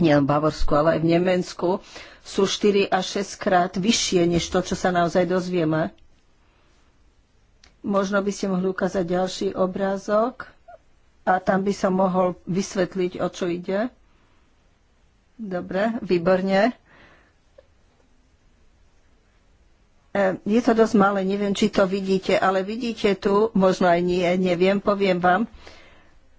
nielen v Bavorsku, ale aj v Nemecku, sú 4 až 6 krát vyššie než to, čo sa naozaj dozvieme. Možno by ste mohli ukázať ďalší obrázok a tam by som mohol vysvetliť, o čo ide. Dobre, výborne. E, je to dosť malé, neviem, či to vidíte, ale vidíte tu, možno aj nie, neviem, poviem vám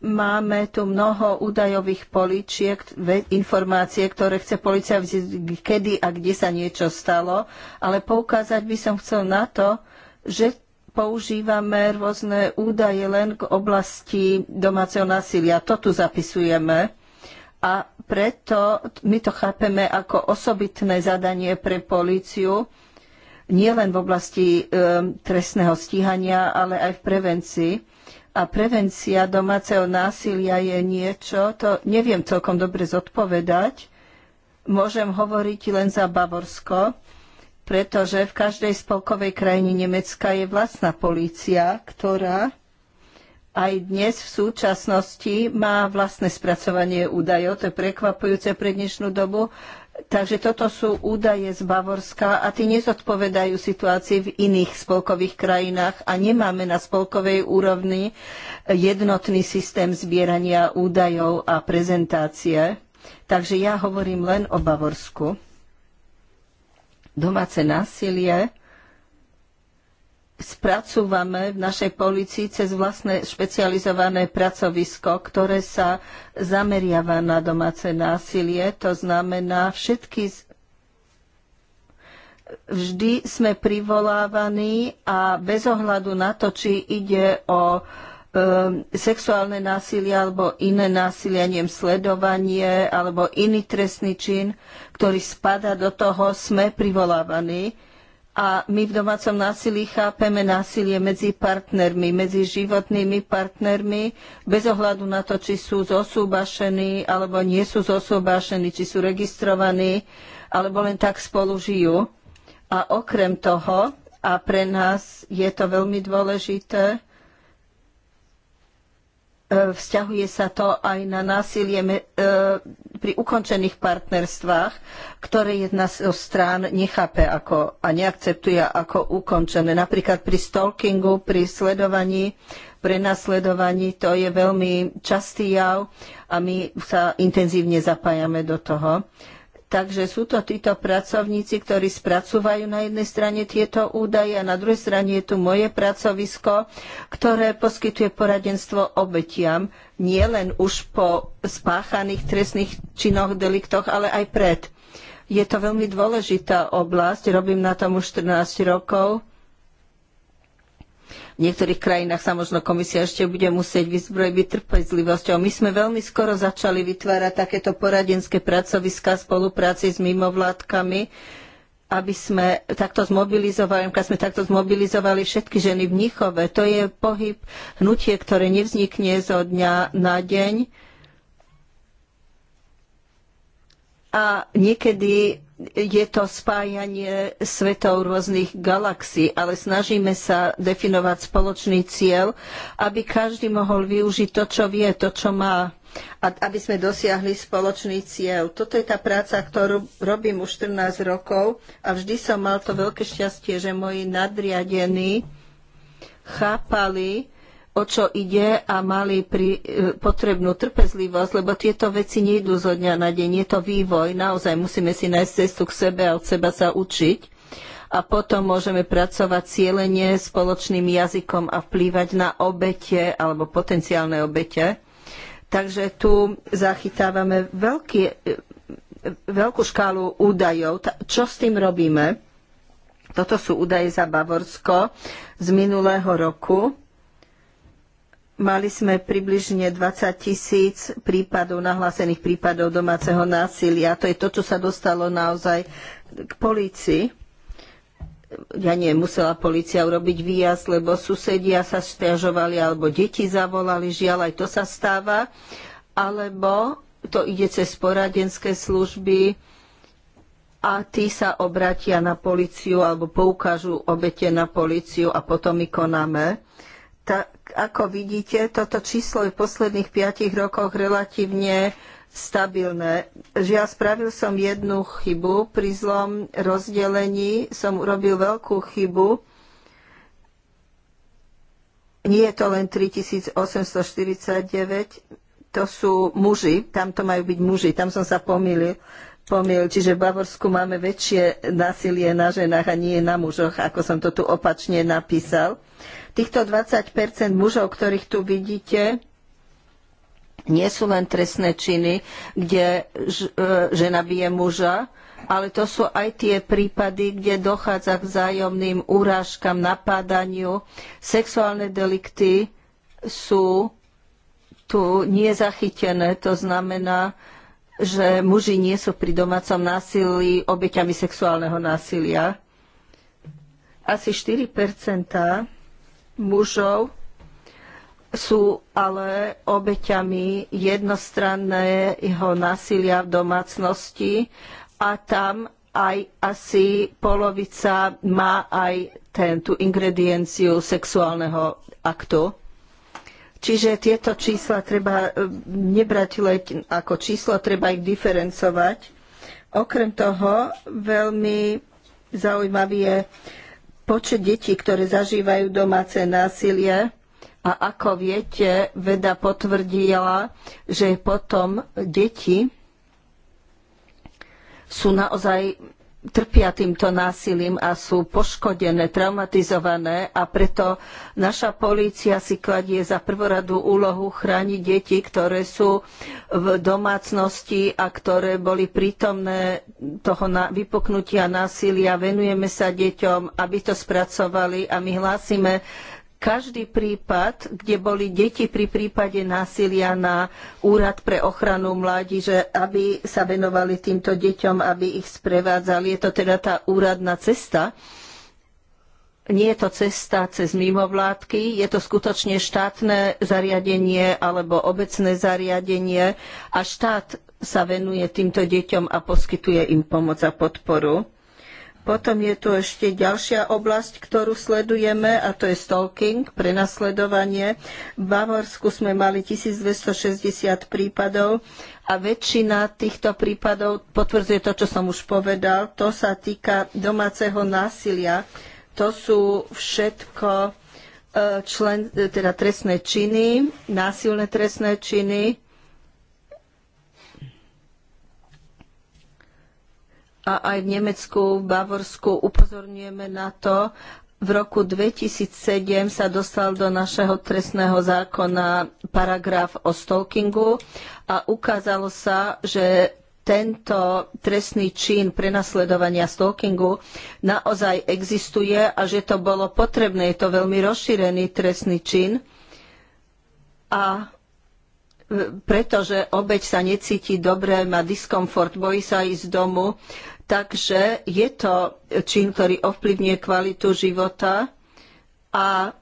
Máme tu mnoho údajových poličiek, informácie, ktoré chce policia vzít, kedy a kde sa niečo stalo, ale poukázať by som chcel na to, že používame rôzne údaje len k oblasti domáceho násilia. To tu zapisujeme a preto my to chápeme ako osobitné zadanie pre políciu, nielen v oblasti e, trestného stíhania, ale aj v prevencii a prevencia domáceho násilia je niečo, to neviem celkom dobre zodpovedať. Môžem hovoriť len za Bavorsko, pretože v každej spolkovej krajine Nemecka je vlastná polícia, ktorá aj dnes v súčasnosti má vlastné spracovanie údajov, to je prekvapujúce pre dnešnú dobu, Takže toto sú údaje z Bavorska a tie nezodpovedajú situácii v iných spolkových krajinách a nemáme na spolkovej úrovni jednotný systém zbierania údajov a prezentácie. Takže ja hovorím len o Bavorsku. Domáce násilie spracúvame v našej policii cez vlastné špecializované pracovisko, ktoré sa zameriava na domáce násilie. To znamená, všetky vždy sme privolávaní a bez ohľadu na to, či ide o ehm, sexuálne násilie alebo iné násilie, neviem, sledovanie alebo iný trestný čin, ktorý spada do toho, sme privolávaní a my v domácom násilí chápeme násilie medzi partnermi, medzi životnými partnermi, bez ohľadu na to, či sú zosúbašení alebo nie sú zosúbašení, či sú registrovaní, alebo len tak spolu žijú. A okrem toho, a pre nás je to veľmi dôležité, E, vzťahuje sa to aj na násilie e, pri ukončených partnerstvách, ktoré jedna zo strán nechápe ako, a neakceptuje ako ukončené. Napríklad pri stalkingu, pri sledovaní, prenasledovaní, to je veľmi častý jav a my sa intenzívne zapájame do toho. Takže sú to títo pracovníci, ktorí spracúvajú na jednej strane tieto údaje a na druhej strane je tu moje pracovisko, ktoré poskytuje poradenstvo obetiam, nielen už po spáchaných trestných činoch, deliktoch, ale aj pred. Je to veľmi dôležitá oblasť, robím na tom už 14 rokov v niektorých krajinách sa možno komisia ešte bude musieť vyzbrojiť trpezlivosťou. My sme veľmi skoro začali vytvárať takéto poradenské pracoviská spolupráci s mimovládkami, aby sme takto zmobilizovali, keď sme takto zmobilizovali všetky ženy v nichove. To je pohyb, hnutie, ktoré nevznikne zo dňa na deň. A niekedy je to spájanie svetov rôznych galaxií, ale snažíme sa definovať spoločný cieľ, aby každý mohol využiť to, čo vie, to, čo má, a aby sme dosiahli spoločný cieľ. Toto je tá práca, ktorú robím už 14 rokov a vždy som mal to veľké šťastie, že moji nadriadení chápali, o čo ide a mali pri, e, potrebnú trpezlivosť, lebo tieto veci nejdú zo dňa na deň. Je to vývoj, naozaj musíme si nájsť cestu k sebe a od seba sa učiť a potom môžeme pracovať cieľene spoločným jazykom a vplývať na obete alebo potenciálne obete. Takže tu zachytávame veľký, e, veľkú škálu údajov. Čo s tým robíme? Toto sú údaje za Bavorsko z minulého roku. Mali sme približne 20 tisíc prípadov, nahlásených prípadov domáceho násilia. To je to, čo sa dostalo naozaj k polícii. Ja nie, musela policia urobiť výjazd, lebo susedia sa stiažovali, alebo deti zavolali, žiaľ, aj to sa stáva. Alebo to ide cez poradenské služby a tí sa obratia na policiu alebo poukážu obete na policiu a potom my konáme ako vidíte, toto číslo je v posledných piatich rokoch relatívne stabilné. Žiaľ, ja spravil som jednu chybu pri zlom rozdelení, som urobil veľkú chybu. Nie je to len 3849, to sú muži, tam to majú byť muži, tam som sa pomýlil spomil, čiže v Bavorsku máme väčšie násilie na ženách a nie na mužoch, ako som to tu opačne napísal. Týchto 20 mužov, ktorých tu vidíte, nie sú len trestné činy, kde e, žena bije muža, ale to sú aj tie prípady, kde dochádza k vzájomným úrážkam, napádaniu. Sexuálne delikty sú tu nie zachytené, to znamená, že muži nie sú pri domácom násilí obeťami sexuálneho násilia. Asi 4 mužov sú ale obeťami jednostranného násilia v domácnosti a tam aj asi polovica má aj ten, tú ingredienciu sexuálneho aktu. Čiže tieto čísla treba e, nebrať len ako číslo, treba ich diferencovať. Okrem toho veľmi zaujímavý je počet detí, ktoré zažívajú domáce násilie. A ako viete, veda potvrdila, že potom deti sú naozaj trpia týmto násilím a sú poškodené, traumatizované a preto naša polícia si kladie za prvoradú úlohu chrániť deti, ktoré sú v domácnosti a ktoré boli prítomné toho vypuknutia násilia. Venujeme sa deťom, aby to spracovali a my hlásime každý prípad, kde boli deti pri prípade násilia na Úrad pre ochranu mládiže, aby sa venovali týmto deťom, aby ich sprevádzali. Je to teda tá úradná cesta. Nie je to cesta cez mimovládky, je to skutočne štátne zariadenie alebo obecné zariadenie a štát sa venuje týmto deťom a poskytuje im pomoc a podporu. Potom je tu ešte ďalšia oblasť, ktorú sledujeme a to je stalking, prenasledovanie. V Bavorsku sme mali 1260 prípadov a väčšina týchto prípadov potvrdzuje to, čo som už povedal. To sa týka domáceho násilia. To sú všetko e, člen, e, teda trestné činy, násilné trestné činy, a aj v Nemecku, v Bavorsku upozorňujeme na to. V roku 2007 sa dostal do našeho trestného zákona paragraf o stalkingu a ukázalo sa, že tento trestný čin prenasledovania stalkingu naozaj existuje a že to bolo potrebné. Je to veľmi rozšírený trestný čin a pretože obeď sa necíti dobre, má diskomfort, bojí sa ísť z domu Takže je to čin, ktorý ovplyvňuje kvalitu života a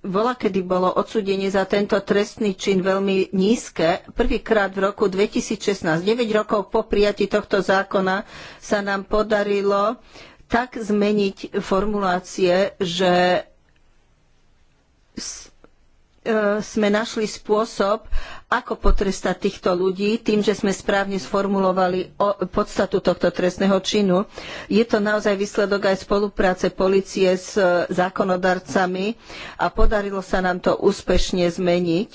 bola, kedy bolo odsúdenie za tento trestný čin veľmi nízke. Prvýkrát v roku 2016, 9 rokov po prijati tohto zákona, sa nám podarilo tak zmeniť formulácie, že E, sme našli spôsob, ako potrestať týchto ľudí tým, že sme správne sformulovali podstatu tohto trestného činu. Je to naozaj výsledok aj spolupráce polície s zákonodarcami a podarilo sa nám to úspešne zmeniť.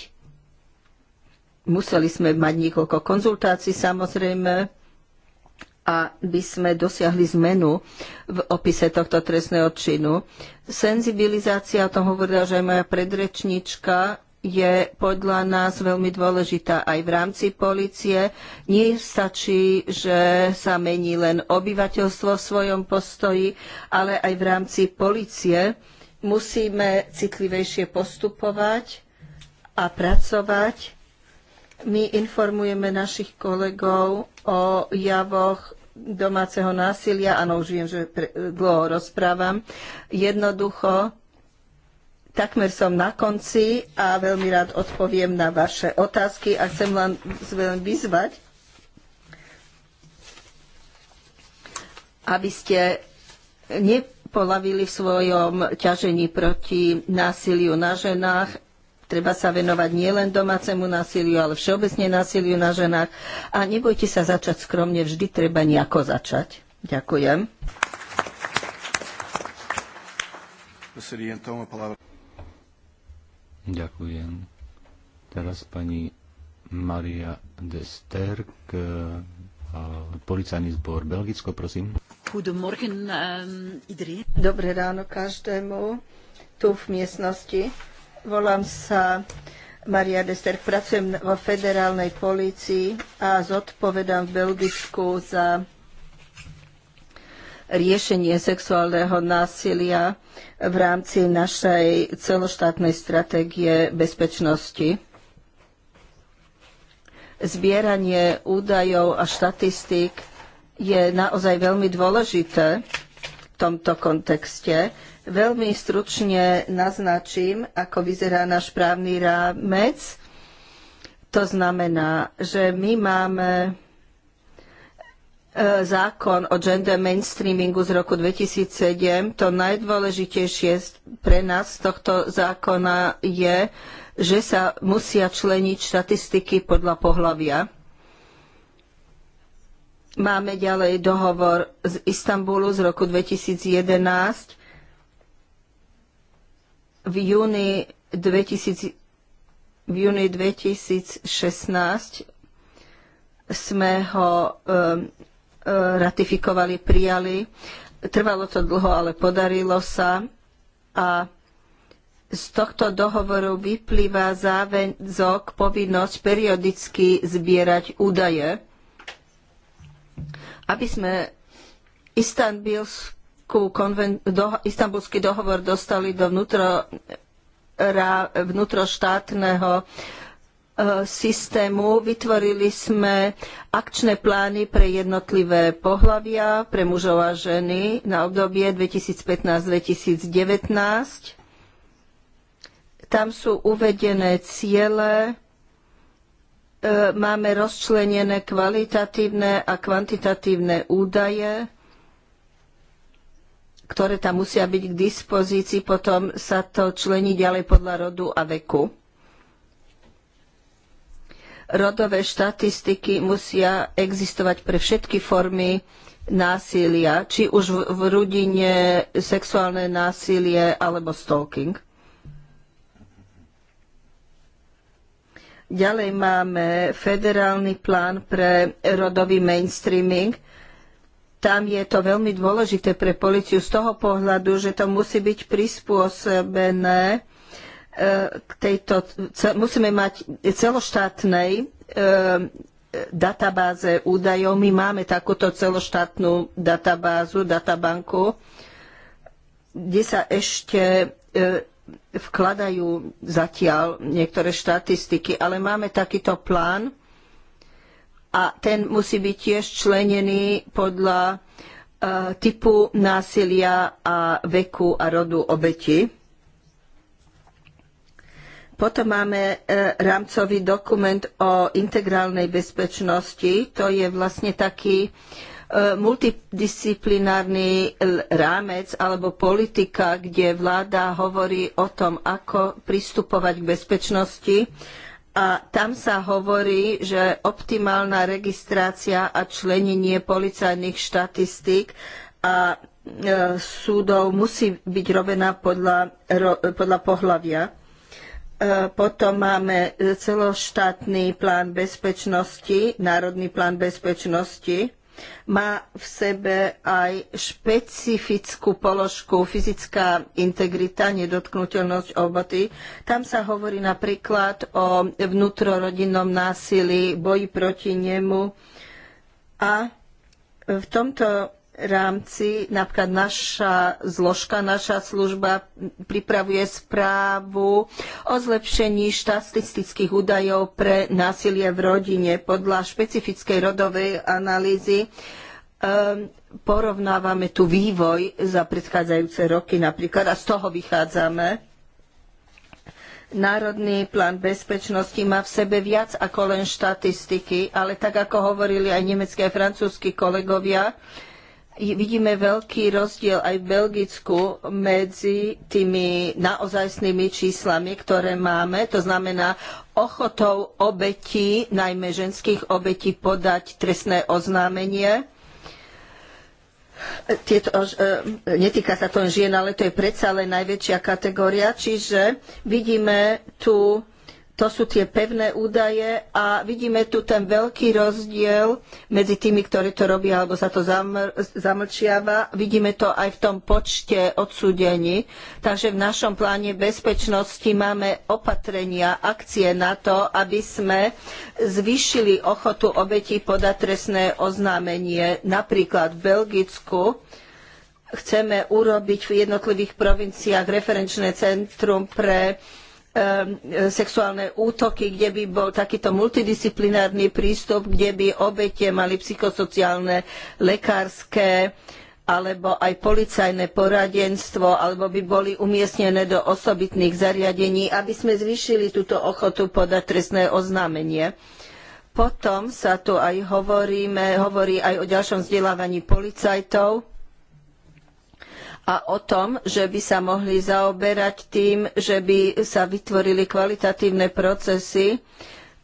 Museli sme mať niekoľko konzultácií samozrejme aby sme dosiahli zmenu v opise tohto trestného činu. Senzibilizácia, o tom hovorila, že aj moja predrečnička, je podľa nás veľmi dôležitá aj v rámci policie. Nie stačí, že sa mení len obyvateľstvo v svojom postoji, ale aj v rámci policie musíme citlivejšie postupovať a pracovať my informujeme našich kolegov o javoch domáceho násilia. Áno, už viem, že pre, dlho rozprávam. Jednoducho, takmer som na konci a veľmi rád odpoviem na vaše otázky a chcem len vyzvať, aby ste nepolavili v svojom ťažení proti násiliu na ženách Treba sa venovať nielen domácemu násiliu, ale všeobecne násiliu na ženách. A nebojte sa začať skromne, vždy treba nejako začať. Ďakujem. Ďakujem. Teraz pani Maria Sterk, eh, policajný zbor Belgicko, prosím. Eh, Dobré ráno každému tu v miestnosti. Volám sa Maria Dester, pracujem vo federálnej polícii a zodpovedám v Belgicku za riešenie sexuálneho násilia v rámci našej celoštátnej stratégie bezpečnosti. Zbieranie údajov a štatistík je naozaj veľmi dôležité v tomto kontexte Veľmi stručne naznačím, ako vyzerá náš právny rámec. To znamená, že my máme e, zákon o gender mainstreamingu z roku 2007. To najdôležitejšie pre nás z tohto zákona je, že sa musia členiť štatistiky podľa pohlavia. Máme ďalej dohovor z Istanbulu z roku 2011, v júni 2000, v júni 2016 sme ho um, uh, ratifikovali, prijali. Trvalo to dlho, ale podarilo sa. A z tohto dohovoru vyplýva záväzok, povinnosť periodicky zbierať údaje, aby sme Istanbulskú Istanbulský konven- do- istambulský dohovor dostali do vnútro- ra- vnútroštátneho e, systému. Vytvorili sme akčné plány pre jednotlivé pohlavia, pre mužov a ženy na obdobie 2015-2019. Tam sú uvedené ciele, e, máme rozčlenené kvalitatívne a kvantitatívne údaje, ktoré tam musia byť k dispozícii, potom sa to člení ďalej podľa rodu a veku. Rodové štatistiky musia existovať pre všetky formy násilia, či už v rodine sexuálne násilie alebo stalking. Ďalej máme federálny plán pre rodový mainstreaming, tam je to veľmi dôležité pre policiu z toho pohľadu, že to musí byť prispôsobené e, k tejto, musíme mať celoštátnej e, databáze údajov. My máme takúto celoštátnu databázu, databanku, kde sa ešte e, vkladajú zatiaľ niektoré štatistiky, ale máme takýto plán, a ten musí byť tiež členený podľa e, typu násilia a veku a rodu obeti. Potom máme e, rámcový dokument o integrálnej bezpečnosti. To je vlastne taký e, multidisciplinárny rámec alebo politika, kde vláda hovorí o tom, ako pristupovať k bezpečnosti a tam sa hovorí, že optimálna registrácia a členenie policajných štatistík a e, súdov musí byť robená podľa, ro, podľa pohlavia. E, potom máme celoštátny plán bezpečnosti, národný plán bezpečnosti má v sebe aj špecifickú položku fyzická integrita, nedotknutelnosť oboty. Tam sa hovorí napríklad o vnútrorodinnom násilí, boji proti nemu a v tomto rámci napríklad naša zložka, naša služba pripravuje správu o zlepšení štatistických údajov pre násilie v rodine. Podľa špecifickej rodovej analýzy um, porovnávame tu vývoj za predchádzajúce roky napríklad a z toho vychádzame. Národný plán bezpečnosti má v sebe viac ako len štatistiky, ale tak ako hovorili aj nemeckí a francúzski kolegovia, uh, vidíme veľký rozdiel aj v Belgicku medzi tými naozajstnými číslami, ktoré máme, to znamená ochotou obetí, najmä ženských obetí, podať trestné oznámenie. Tieto, e, netýka sa to len žien, ale to je predsa len najväčšia kategória, čiže vidíme tu to sú tie pevné údaje a vidíme tu ten veľký rozdiel medzi tými, ktorí to robia alebo sa to zamr- zamlčiava. Vidíme to aj v tom počte odsúdení. Takže v našom pláne bezpečnosti máme opatrenia, akcie na to, aby sme zvýšili ochotu obetí podať trestné oznámenie. Napríklad v Belgicku chceme urobiť v jednotlivých provinciách referenčné centrum pre Ehm, sexuálne útoky, kde by bol takýto multidisciplinárny prístup, kde by obete mali psychosociálne, lekárske alebo aj policajné poradenstvo, alebo by boli umiestnené do osobitných zariadení, aby sme zvýšili túto ochotu podať trestné oznámenie. Potom sa tu aj hovoríme, hovorí aj o ďalšom vzdelávaní policajtov a o tom, že by sa mohli zaoberať tým, že by sa vytvorili kvalitatívne procesy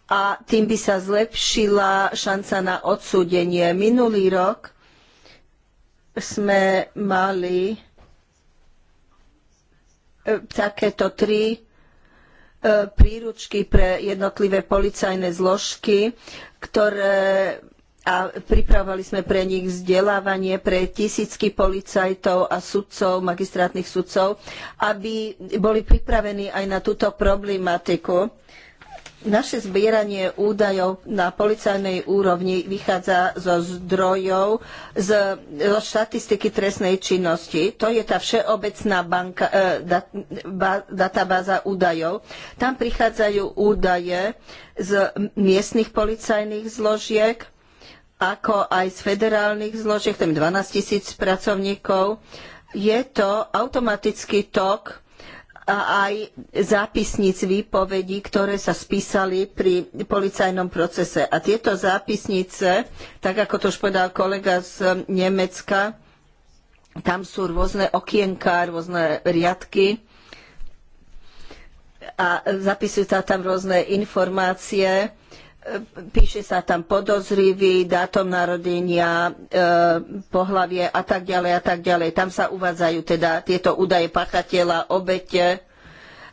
a tým by sa zlepšila šanca na odsúdenie. Minulý rok sme mali e, takéto tri e, príručky pre jednotlivé policajné zložky, ktoré a pripravovali sme pre nich vzdelávanie pre tisícky policajtov a sudcov, magistrátnych sudcov, aby boli pripravení aj na túto problematiku. Naše zbieranie údajov na policajnej úrovni vychádza zo zdrojov, z, zo štatistiky trestnej činnosti. To je tá všeobecná banka, e, dat, ba, databáza údajov. Tam prichádzajú údaje z miestnych policajných zložiek, ako aj z federálnych zložiek, tam 12 tisíc pracovníkov. Je to automatický tok a aj zápisníc výpovedí, ktoré sa spísali pri policajnom procese. A tieto zápisnice, tak ako to už povedal kolega z Nemecka, tam sú rôzne okienká, rôzne riadky a zapisujú sa tam rôzne informácie píše sa tam podozrivý, dátum narodenia, e, pohlavie a tak ďalej a tak ďalej. Tam sa uvádzajú teda tieto údaje pachateľa, obete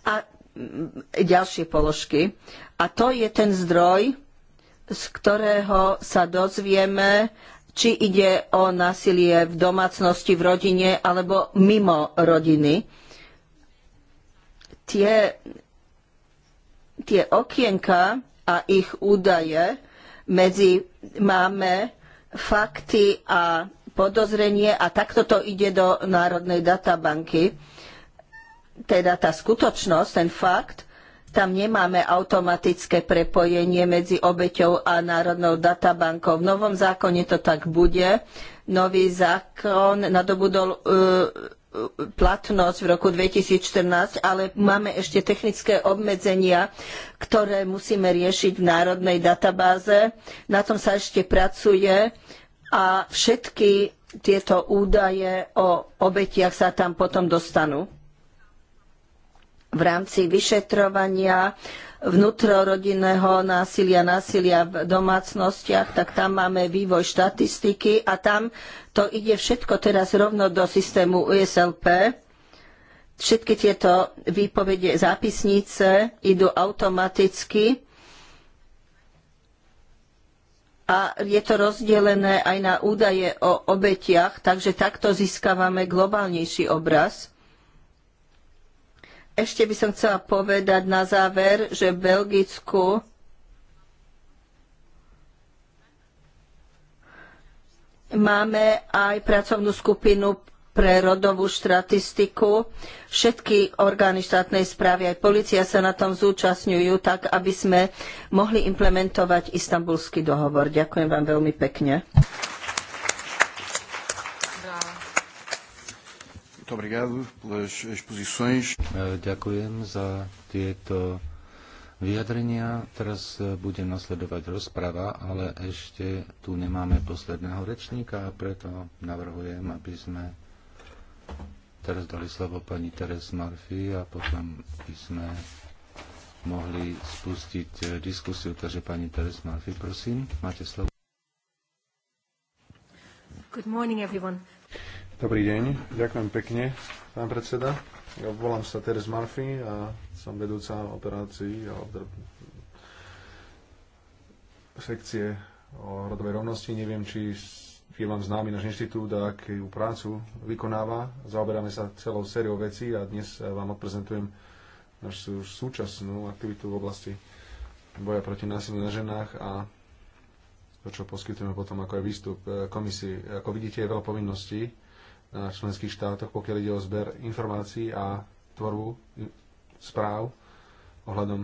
a mm, ďalšie položky. A to je ten zdroj, z ktorého sa dozvieme, či ide o násilie v domácnosti, v rodine alebo mimo rodiny. Tie, tie okienka, a ich údaje. Medzi máme fakty a podozrenie a takto to ide do Národnej databanky. Teda tá skutočnosť, ten fakt, tam nemáme automatické prepojenie medzi obeťou a Národnou databankou. V novom zákone to tak bude. Nový zákon nadobudol e, platnosť v roku 2014, ale máme ešte technické obmedzenia, ktoré musíme riešiť v národnej databáze. Na tom sa ešte pracuje a všetky tieto údaje o obetiach sa tam potom dostanú v rámci vyšetrovania vnútrorodinného násilia, násilia v domácnostiach, tak tam máme vývoj štatistiky a tam to ide všetko teraz rovno do systému USLP. Všetky tieto výpovede, zápisnice idú automaticky a je to rozdelené aj na údaje o obetiach, takže takto získavame globálnejší obraz. Ešte by som chcela povedať na záver, že v Belgicku máme aj pracovnú skupinu pre rodovú štatistiku. Všetky orgány štátnej správy, aj policia sa na tom zúčastňujú, tak aby sme mohli implementovať istambulský dohovor. Ďakujem vám veľmi pekne. E ďakujem za tieto vyjadrenia. Teraz bude nasledovať rozprava, ale ešte tu nemáme posledného rečníka, preto navrhujem, aby sme teraz dali slovo pani Teres Murphy a potom by sme mohli spustiť diskusiu. Takže pani Teres Murphy, prosím, máte slovo. Good morning, everyone. Dobrý deň, ďakujem pekne, pán predseda. Ja volám sa Teres Murphy a som vedúca operácií a sekcie o rodovej rovnosti. Neviem, či je vám známy náš inštitút a akú prácu vykonáva. Zaoberáme sa celou sériou vecí a dnes vám odprezentujem našu súčasnú aktivitu v oblasti boja proti násiliu na ženách a to, čo poskytujeme potom ako aj výstup eh, komisii. Ako vidíte, je veľa povinností členských štátoch, pokiaľ ide o zber informácií a tvorbu správ ohľadom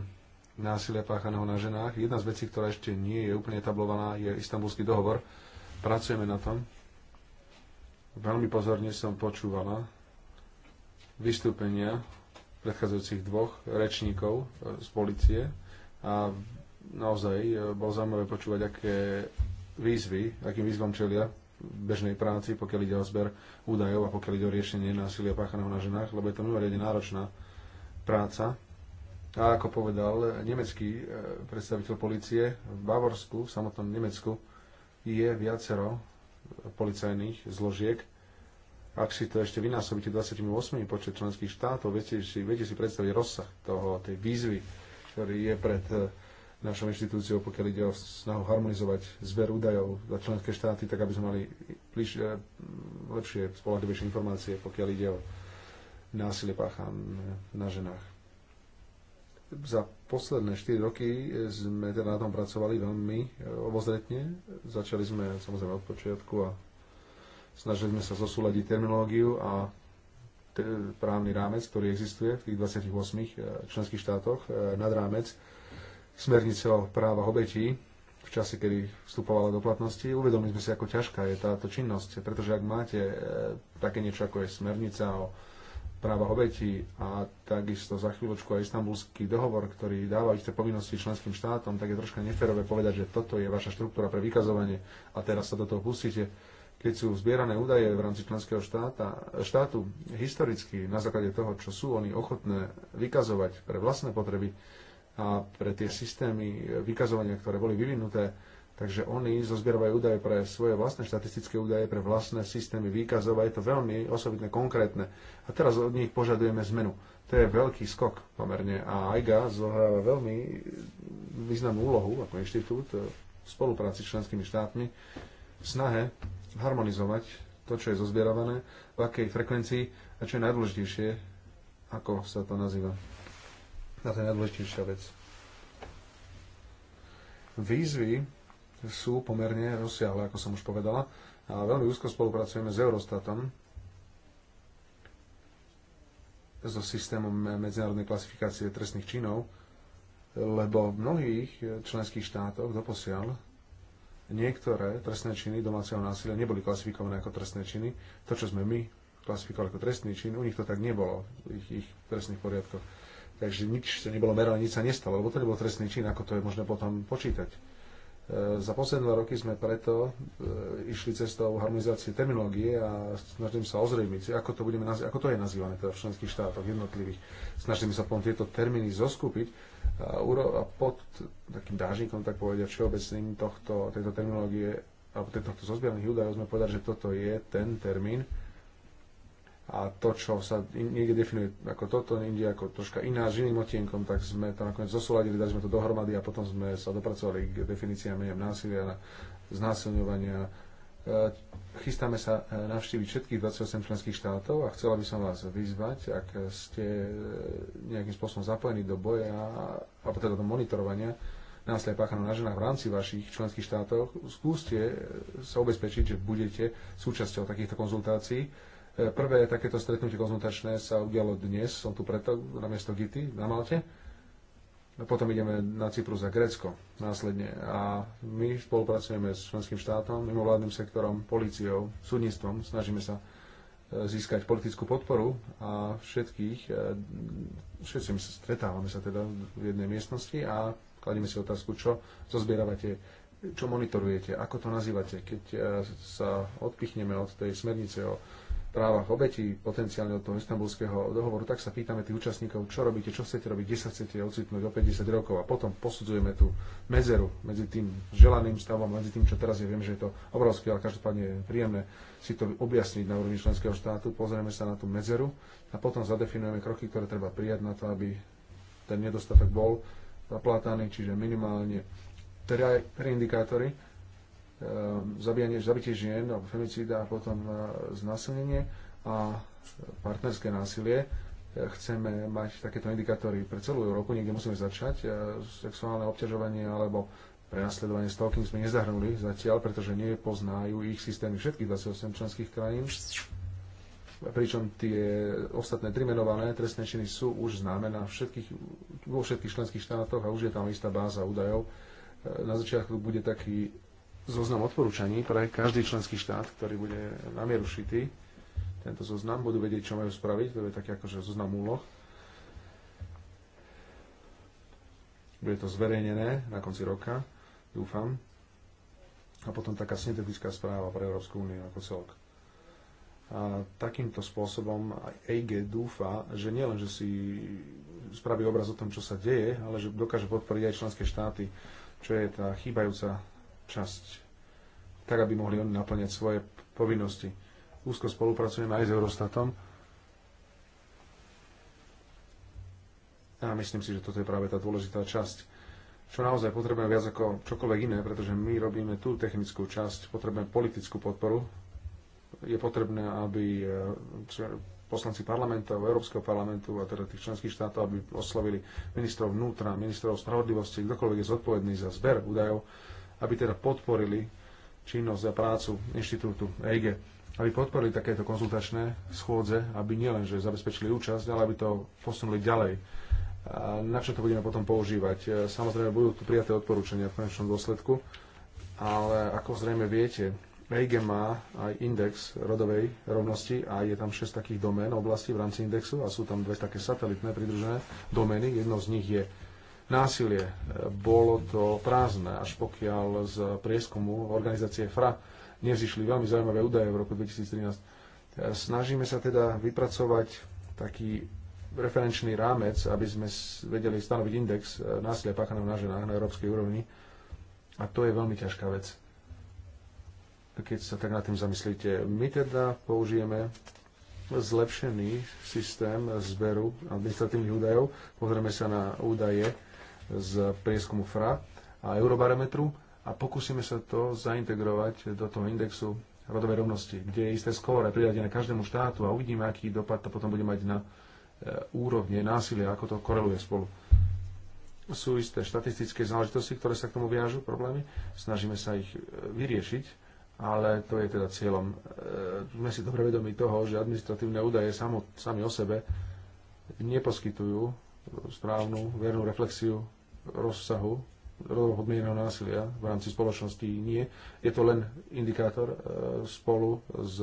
násilia páchaného na ženách. Jedna z vecí, ktorá ešte nie je úplne tablovaná, je istambulský dohovor. Pracujeme na tom. Veľmi pozorne som počúvala vystúpenia predchádzajúcich dvoch rečníkov e, z policie a naozaj e, bol zaujímavé počúvať, aké výzvy, akým výzvom čelia bežnej práci, pokiaľ ide o zber údajov a pokiaľ ide o riešenie násilia páchaného na ženách, lebo je to mimoriadne náročná práca. A ako povedal nemecký e, predstaviteľ policie, v Bavorsku, v samotnom Nemecku, je viacero policajných zložiek. Ak si to ešte vynásobíte 28 počet členských štátov, viete si, viete si predstaviť rozsah toho, tej výzvy, ktorý je pred e, našou inštitúciou, pokiaľ ide o snahu harmonizovať zber údajov za členské štáty, tak aby sme mali bliž, e, lepšie, spolahlivejšie informácie, pokiaľ ide o násilie páchané na ženách. Za posledné 4 roky sme teda na tom pracovali veľmi e, obozretne. Začali sme samozrejme od počiatku a snažili sme sa zosúľadiť terminológiu a právny rámec, ktorý existuje v tých 28 e, členských štátoch, nad rámec smernice o právach obetí v čase, kedy vstupovala do platnosti, uvedomili sme si, ako ťažká je táto činnosť, pretože ak máte e, také niečo, ako je smernica o práva obetí a takisto za chvíľočku aj istambulský dohovor, ktorý dáva isté povinnosti členským štátom, tak je troška neférové povedať, že toto je vaša štruktúra pre vykazovanie a teraz sa do toho pustíte. Keď sú zbierané údaje v rámci členského štáta, štátu historicky na základe toho, čo sú oni ochotné vykazovať pre vlastné potreby, a pre tie systémy vykazovania, ktoré boli vyvinuté. Takže oni zozbierajú údaje pre svoje vlastné štatistické údaje, pre vlastné systémy výkazov a je to veľmi osobitné, konkrétne. A teraz od nich požadujeme zmenu. To je veľký skok pomerne a AIGA zohráva veľmi významnú úlohu ako inštitút v spolupráci s členskými štátmi v snahe harmonizovať to, čo je zozbierované, v akej frekvencii a čo je najdôležitejšie, ako sa to nazýva a to je najdôležitejšia vec. Výzvy sú pomerne rozsiahle, ako som už povedala, a veľmi úzko spolupracujeme s Eurostatom, so systémom medzinárodnej klasifikácie trestných činov, lebo v mnohých členských štátoch doposiaľ niektoré trestné činy domáceho násilia neboli klasifikované ako trestné činy. To, čo sme my klasifikovali ako trestný čin, u nich to tak nebolo v ich, ich trestných poriadkoch. Takže nič to nebolo merané, nič sa nestalo, lebo to nebol trestný čin, ako to je možné potom počítať. E, za posledné roky sme preto e, išli cestou harmonizácie terminológie a snažím sa ozrejmiť, ako to, budeme, ako to je nazývané teda v členských štátoch jednotlivých. Snažíme sa potom tieto termíny zoskupiť a, a pod takým dážnikom, tak povedať, všeobecným tohto, tejto terminológie alebo tohto zozbieraných údajov sme povedali, že toto je ten termín, a to, čo sa niekde definuje ako toto, inde ako troška iná, s iným otienkom, tak sme to nakoniec zosúladili, dali sme to dohromady a potom sme sa dopracovali k definíciám násilia, znásilňovania. E, chystáme sa e, navštíviť všetkých 28 členských štátov a chcela by som vás vyzvať, ak ste e, nejakým spôsobom zapojení do boja, alebo teda do monitorovania násilia páchaného na ženách v rámci vašich členských štátov, skúste sa ubezpečiť, že budete súčasťou takýchto konzultácií E, prvé takéto stretnutie konzultačné sa udialo dnes, som tu preto, na miesto Gity, na Malte. Potom ideme na Cyprus a Grécko následne. A my spolupracujeme s členským štátom, mimovládnym sektorom, políciou, súdnictvom. Snažíme sa e, získať politickú podporu a všetkých, e, všetci sa stretávame sa teda v jednej miestnosti a kladíme si otázku, čo zozbieravate čo monitorujete, ako to nazývate, keď sa odpichneme od tej smernice o právach obetí potenciálne od toho istambulského dohovoru, tak sa pýtame tých účastníkov, čo robíte, čo chcete robiť, kde sa chcete ocitnúť o 50 rokov a potom posudzujeme tú medzeru medzi tým želaným stavom, medzi tým, čo teraz je. Viem, že je to obrovské, ale každopádne je príjemné si to objasniť na úrovni členského štátu, pozrieme sa na tú medzeru a potom zadefinujeme kroky, ktoré treba prijať na to, aby ten nedostatok bol zaplátaný, čiže minimálne tri indikátory, Ehm, zabíjanie, zabitie žien, alebo femicída a potom e, znásilnenie a partnerské násilie. E, chceme mať takéto indikátory pre celú Európu, niekde musíme začať. E, sexuálne obťažovanie alebo prenasledovanie stalking sme nezahrnuli zatiaľ, pretože nepoznajú ich systémy všetkých 28 členských krajín. Pričom tie ostatné tri menované trestné činy sú už známe na všetkých, vo všetkých členských štátoch a už je tam istá báza údajov. Na začiatku bude taký zoznam odporúčaní pre každý členský štát, ktorý bude na mieru šitý. Tento zoznam budú vedieť, čo majú spraviť, to je taký akože zoznam úloh. Bude to zverejnené na konci roka, dúfam. A potom taká syntetická správa pre Európsku úniu ako celok. A takýmto spôsobom aj EIG dúfa, že nielen, že si spraví obraz o tom, čo sa deje, ale že dokáže podporiť aj členské štáty, čo je tá chýbajúca časť, tak aby mohli oni naplňať svoje povinnosti. Úzko spolupracujeme aj s Eurostatom a myslím si, že toto je práve tá dôležitá časť čo naozaj potrebujeme viac ako čokoľvek iné, pretože my robíme tú technickú časť, potrebujeme politickú podporu. Je potrebné, aby eh, poslanci parlamentov, Európskeho parlamentu a teda tých členských štátov, aby oslovili ministrov vnútra, ministrov spravodlivosti, kdokoľvek je zodpovedný za zber údajov, aby teda podporili činnosť a prácu inštitútu EIGE, aby podporili takéto konzultačné schôdze, aby nielenže zabezpečili účasť, ale aby to posunuli ďalej. A na čo to budeme potom používať? E, samozrejme, budú tu prijaté odporúčania v konečnom dôsledku, ale ako zrejme viete, EIG má aj index rodovej rovnosti a je tam 6 takých domén oblasti v rámci indexu a sú tam dve také satelitné pridružené domény. jedno z nich je násilie. Bolo to prázdne, až pokiaľ z prieskumu organizácie FRA nevzýšli veľmi zaujímavé údaje v roku 2013. Snažíme sa teda vypracovať taký referenčný rámec, aby sme vedeli stanoviť index eh, násilia páchaného na ženách na európskej úrovni. A to je veľmi ťažká vec. Keď sa tak nad tým zamyslíte, my teda použijeme zlepšený systém zberu administratívnych údajov. Pozrieme sa na údaje z prieskumu FRA a Eurobarometru a pokúsime sa to zaintegrovať do toho indexu rodovej rovnosti, kde je isté skóre pridadené každému štátu a uvidíme, aký dopad to potom bude mať na e, úrovne násilia, ako to koreluje spolu. Sú isté štatistické záležitosti, ktoré sa k tomu viažu, problémy. Snažíme sa ich e, vyriešiť, ale to je teda cieľom. E, sme si dobre vedomi toho, že administratívne údaje samo, sami o sebe neposkytujú správnu, vernú reflexiu rozsahu rozhodného násilia v rámci spoločnosti nie. Je to len indikátor e, spolu s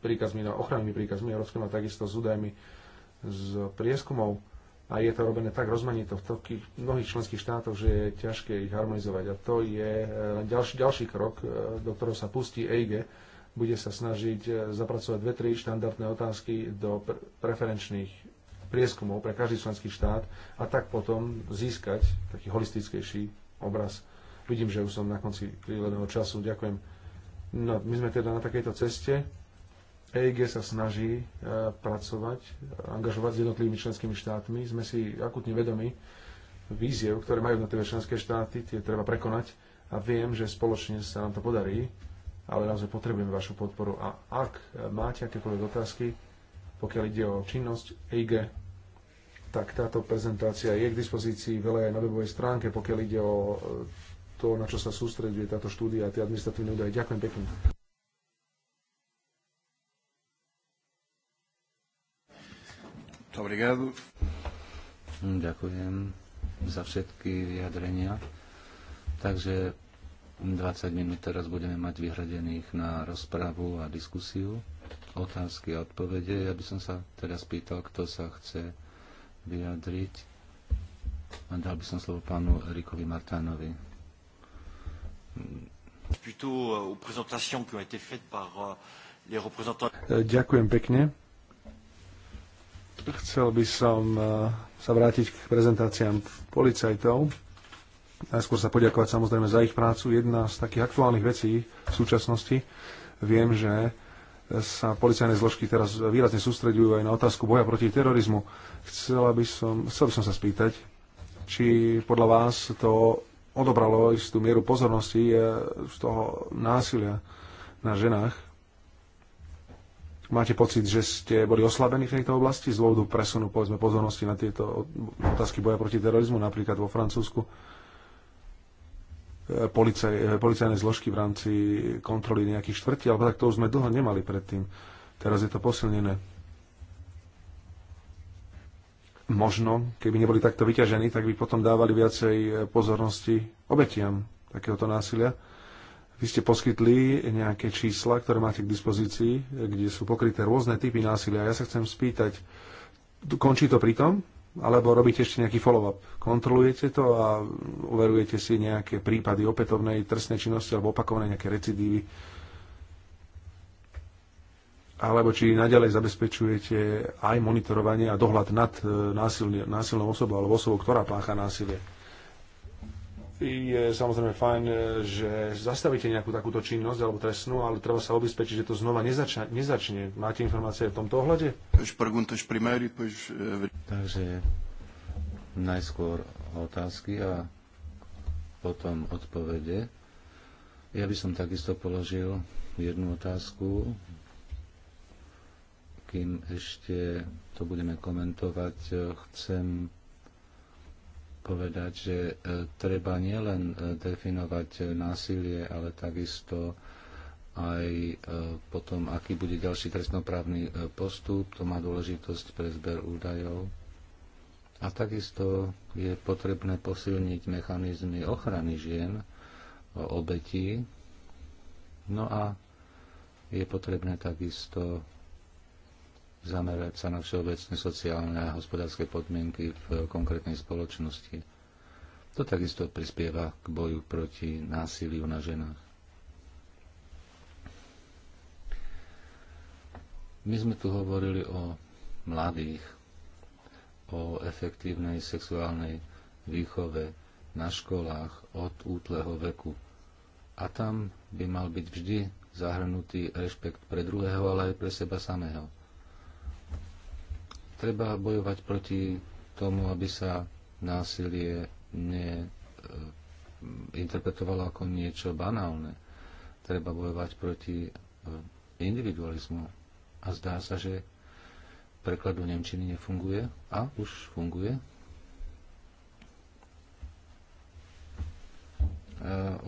príkazmi, na ochrannými príkazmi európskymi a takisto s údajmi z prieskumov. A je to robené tak rozmanito v mnohých členských štátoch, že je ťažké ich harmonizovať. A to je e, ďalší, ďalší krok, e, do ktorého sa pustí EIG. Bude sa snažiť zapracovať dve, tri štandardné otázky do preferenčných prieskumov pre každý členský štát a tak potom získať taký holistickejší obraz. Vidím, že už som na konci príledného času. Ďakujem. No, my sme teda na takejto ceste. EIG sa snaží e, pracovať, angažovať s jednotlivými členskými štátmi. Sme si akutne vedomi víziev, ktoré majú jednotlivé členské štáty, tie treba prekonať a viem, že spoločne sa nám to podarí, ale naozaj potrebujeme vašu podporu. A ak máte akékoľvek otázky, pokiaľ ide o činnosť EIG, tak táto prezentácia je k dispozícii veľa aj na webovej stránke, pokiaľ ide o e, to, na čo sa sústreduje táto štúdia a tie administratívne údaje. Ďakujem pekne. Ďakujem za všetky vyjadrenia. Takže 20 minút teraz budeme mať vyhradených na rozpravu a diskusiu otázky a odpovede. Ja by som sa teraz pýtal, kto sa chce vyjadriť. A dal by som slovo pánu Erikovi Martánovi. Euh, euh, euh, ďakujem pekne. Chcel by som sa vrátiť k prezentáciám policajtov. Najskôr sa poďakovať samozrejme za ich prácu. Jedna z takých aktuálnych vecí v súčasnosti. Viem, že sa policajné zložky teraz výrazne sústredujú aj na otázku boja proti terorizmu. Chcela by som, chcel by som sa spýtať, či podľa vás to odobralo istú mieru pozornosti e, z toho násilia na ženách. Máte pocit, že ste boli oslabení v tejto oblasti z dôvodu presunu povedzme, pozornosti na tieto otázky boja proti terorizmu, napríklad vo Francúzsku? policaj, policajné zložky v rámci kontroly nejakých štvrtí, alebo tak to už sme dlho nemali predtým. Teraz je to posilnené. Možno, keby neboli takto vyťažení, tak by potom dávali viacej pozornosti obetiam takéhoto násilia. Vy ste poskytli nejaké čísla, ktoré máte k dispozícii, kde sú pokryté rôzne typy násilia. Ja sa chcem spýtať, končí to pri tom? alebo robíte ešte nejaký follow-up. Kontrolujete to a overujete si nejaké prípady opätovnej trestnej činnosti alebo opakované nejaké recidívy. Alebo či naďalej zabezpečujete aj monitorovanie a dohľad nad eh, násilne, násilnou osobou alebo osobou, ktorá pácha násilie je samozrejme fajn, e, že zastavíte nejakú takúto činnosť alebo trestnú, ale treba sa obezpečiť, že to znova nezačne. Máte informácie v tomto ohľade? Takže najskôr otázky a potom odpovede. Ja by som takisto položil jednu otázku, kým ešte to budeme komentovať, chcem povedať, že e, treba nielen e, definovať e, násilie, ale takisto aj potom, aký bude ďalší trestnoprávny postup. To má dôležitosť pre zber údajov. A takisto je potrebné posilniť mechanizmy ochrany žien, obetí. No a je potrebné takisto zamerať sa na všeobecné sociálne a hospodárske podmienky v konkrétnej spoločnosti. To takisto prispieva k boju proti násiliu na ženách. My sme tu hovorili o mladých, o efektívnej sexuálnej výchove na školách od útleho veku. A tam by mal byť vždy zahrnutý rešpekt pre druhého, ale aj pre seba samého. Treba bojovať proti tomu, aby sa násilie neinterpretovalo e, ako niečo banálne. Treba bojovať proti e, individualizmu. A zdá sa, že preklad do Nemčiny nefunguje a už funguje. E,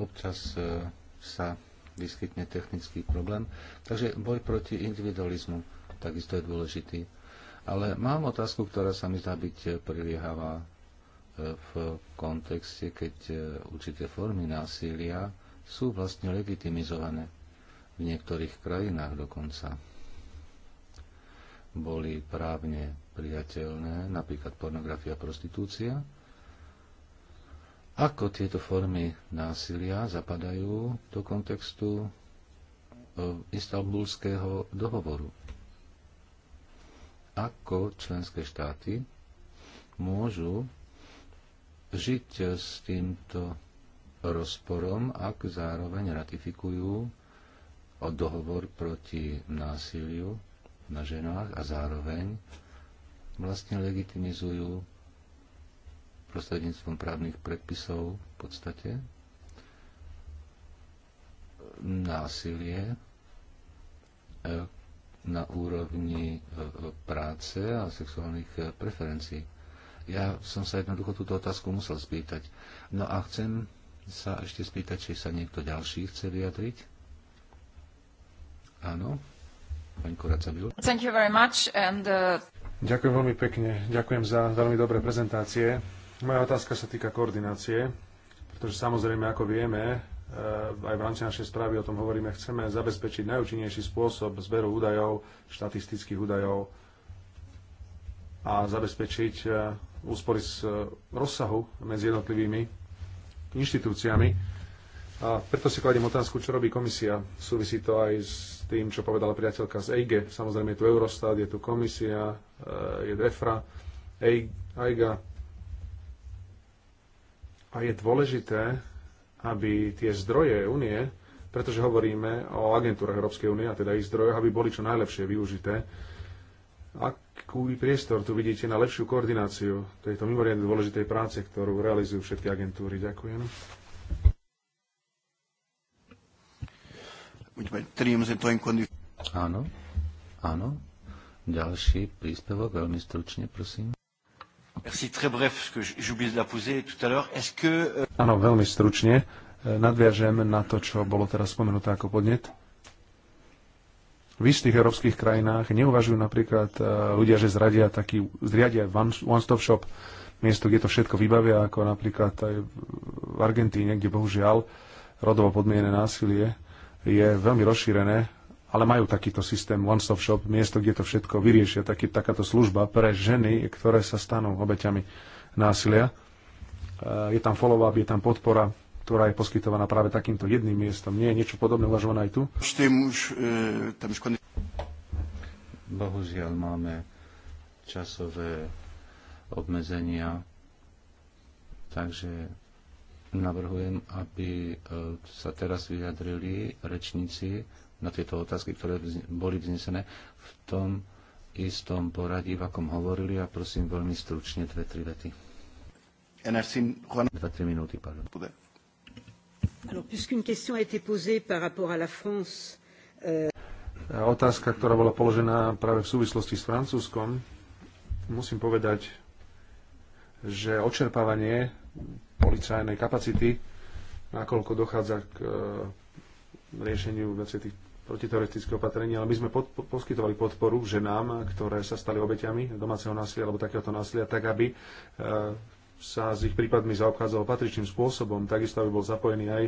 občas sa vyskytne technický problém. Takže boj proti individualizmu takisto je dôležitý ale mám otázku, ktorá sa mi zdá byť e, priliehavá e, v kontexte, keď e, určité formy násilia sú vlastne legitimizované v niektorých krajinách dokonca. Boli právne priateľné, napríklad pornografia a prostitúcia. Ako tieto formy násilia zapadajú do kontextu istambulského dohovoru? ako členské štáty môžu žiť s týmto rozporom, ak zároveň ratifikujú o dohovor proti násiliu na ženách a zároveň vlastne legitimizujú prostredníctvom právnych predpisov v podstate násilie, eh, na úrovni e, e, práce a sexuálnych e, preferencií. Ja som sa jednoducho túto otázku musel spýtať. No a chcem sa ešte spýtať, či sa niekto ďalší chce vyjadriť. Áno. Pani Koraca Thank you very much and, uh... Ďakujem veľmi pekne. Ďakujem za veľmi dobré prezentácie. Moja otázka sa týka koordinácie, pretože samozrejme, ako vieme, aj v rámci našej správy o tom hovoríme, chceme zabezpečiť najúčinnejší spôsob zberu údajov, štatistických údajov a zabezpečiť e, úspory z e, rozsahu medzi jednotlivými inštitúciami. A preto si kladiem otázku, čo robí komisia. Súvisí to aj s tým, čo povedala priateľka z EIG. Samozrejme je tu Eurostat, je tu komisia, e, je DEFRA, EIGA. A je dôležité, aby tie zdroje únie, pretože hovoríme o agentúrach Európskej únie, a teda ich zdrojoch, aby boli čo najlepšie využité. Aký priestor tu vidíte na lepšiu koordináciu tejto mimoriadne dôležitej práce, ktorú realizujú všetky agentúry? Ďakujem. Áno, áno. Ďalší príspevok, veľmi stručne, prosím. Euh, Áno, veľmi stručne. E, nadviažem na to, čo bolo teraz spomenuté ako podnet. V istých európskych krajinách neuvažujú napríklad e, ľudia, že zradia taký, zriadia one-stop shop, miesto, kde to všetko vybavia, ako napríklad aj v Argentíne, kde bohužiaľ rodovo podmienené násilie je veľmi rozšírené ale majú takýto systém one-stop shop, miesto, kde to všetko vyriešia, taký, takáto služba pre ženy, ktoré sa stanú obeťami násilia. Eh, je tam follow-up, je tam podpora, ktorá je poskytovaná práve takýmto jedným miestom. Nie je niečo podobné uvažované aj tu? Eh, Bohužiaľ máme časové obmedzenia, takže navrhujem, aby eh, sa teraz vyjadrili rečníci na tieto otázky, ktoré boli vznesené v tom istom poradí, v akom hovorili a prosím veľmi stručne dve, tri vety. Dva, tri minúty, pardon. Alors, puisqu'une question a été posée par rapport à la France, euh... Otázka, ktorá bola položená práve v súvislosti s Francúzskom, musím povedať, že očerpávanie policajnej kapacity, nakoľko dochádza k e, riešeniu veci tých protiteroristické opatrenia, ale my sme pod, po, poskytovali podporu ženám, ktoré sa stali obeťami domáceho násilia alebo takéhoto násilia, tak aby e, sa s ich prípadmi zaobchádzalo patričným spôsobom. Takisto, aby bol zapojený aj,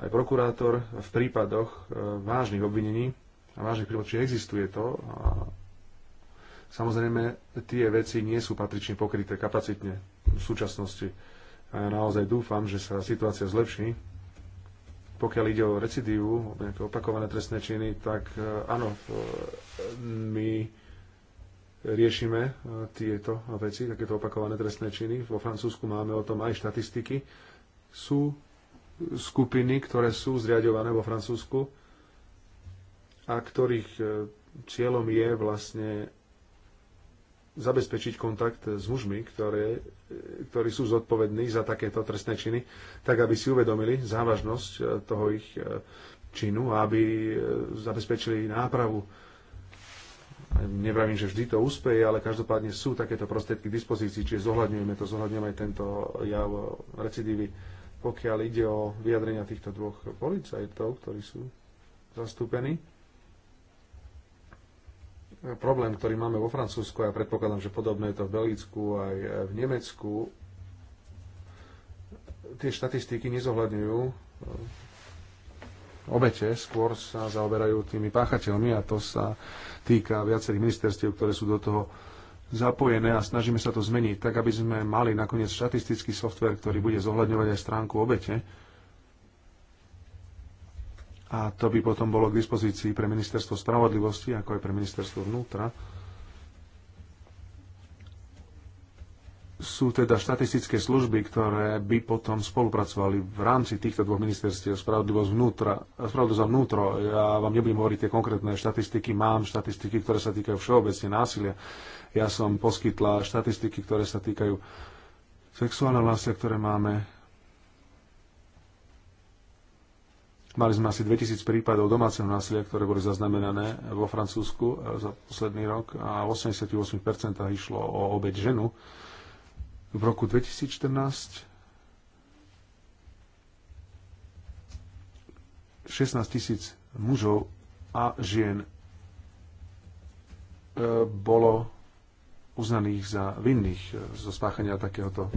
aj prokurátor v prípadoch e, vážnych obvinení a vážnych prípadoch, či existuje to. A samozrejme, tie veci nie sú patrične pokryté kapacitne v súčasnosti. A ja naozaj dúfam, že sa situácia zlepší pokiaľ ide o recidívu, nejaké opakované trestné činy, tak e, áno, e, my riešime e, tieto veci, takéto opakované trestné činy. Vo Francúzsku máme o tom aj štatistiky. Sú skupiny, ktoré sú zriadované vo Francúzsku a ktorých cieľom je vlastne zabezpečiť kontakt s mužmi, ktoré ktorí sú zodpovední za takéto trestné činy, tak aby si uvedomili závažnosť e, toho ich e, činu a aby e, zabezpečili nápravu. Nevravím, že vždy to úspeje, ale každopádne sú takéto prostriedky k dispozícii, čiže zohľadňujeme to, zohľadňujeme aj tento jav recidívy, pokiaľ ide o vyjadrenia týchto dvoch policajtov, ktorí sú zastúpení problém, ktorý máme vo Francúzsku, a ja predpokladám, že podobné je to v Belgicku aj v Nemecku, tie štatistiky nezohľadňujú e, obete, skôr sa zaoberajú tými páchateľmi a to sa týka viacerých ministerstiev, ktoré sú do toho zapojené a snažíme sa to zmeniť tak, aby sme mali nakoniec štatistický software, ktorý bude zohľadňovať aj stránku obete, a to by potom bolo k dispozícii pre ministerstvo spravodlivosti, ako aj pre ministerstvo vnútra. Sú teda štatistické služby, ktoré by potom spolupracovali v rámci týchto dvoch ministerstiev, spravodlivosť vnútra, spravodlivosť a vnútro. Ja vám nebudem hovoriť tie konkrétne štatistiky, mám štatistiky, ktoré sa týkajú všeobecne násilia. Ja som poskytla štatistiky, ktoré sa týkajú sexuálne násilia, ktoré máme Mali sme asi 2000 prípadov domáceho násilia, ktoré boli zaznamenané vo Francúzsku eh, za posledný rok a 88% išlo o obeď ženu. V roku 2014 16 tisíc mužov a žien eh, bolo uznaných za vinných eh, zo spáchania takéhoto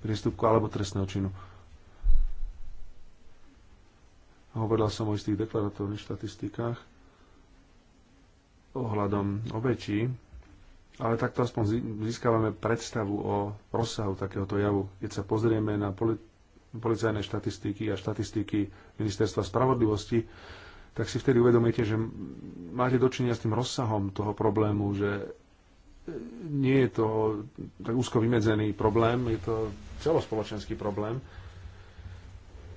prístupku alebo trestného činu. Hovorila som o istých deklaratórnych štatistikách ohľadom obečí, ale takto aspoň získavame predstavu o rozsahu takéhoto javu. Keď sa pozrieme na policajné štatistiky a štatistiky Ministerstva spravodlivosti, tak si vtedy uvedomíte, že máte dočinenia s tým rozsahom toho problému, že e, nie je to tak úzko vymedzený problém, je to celospoločenský problém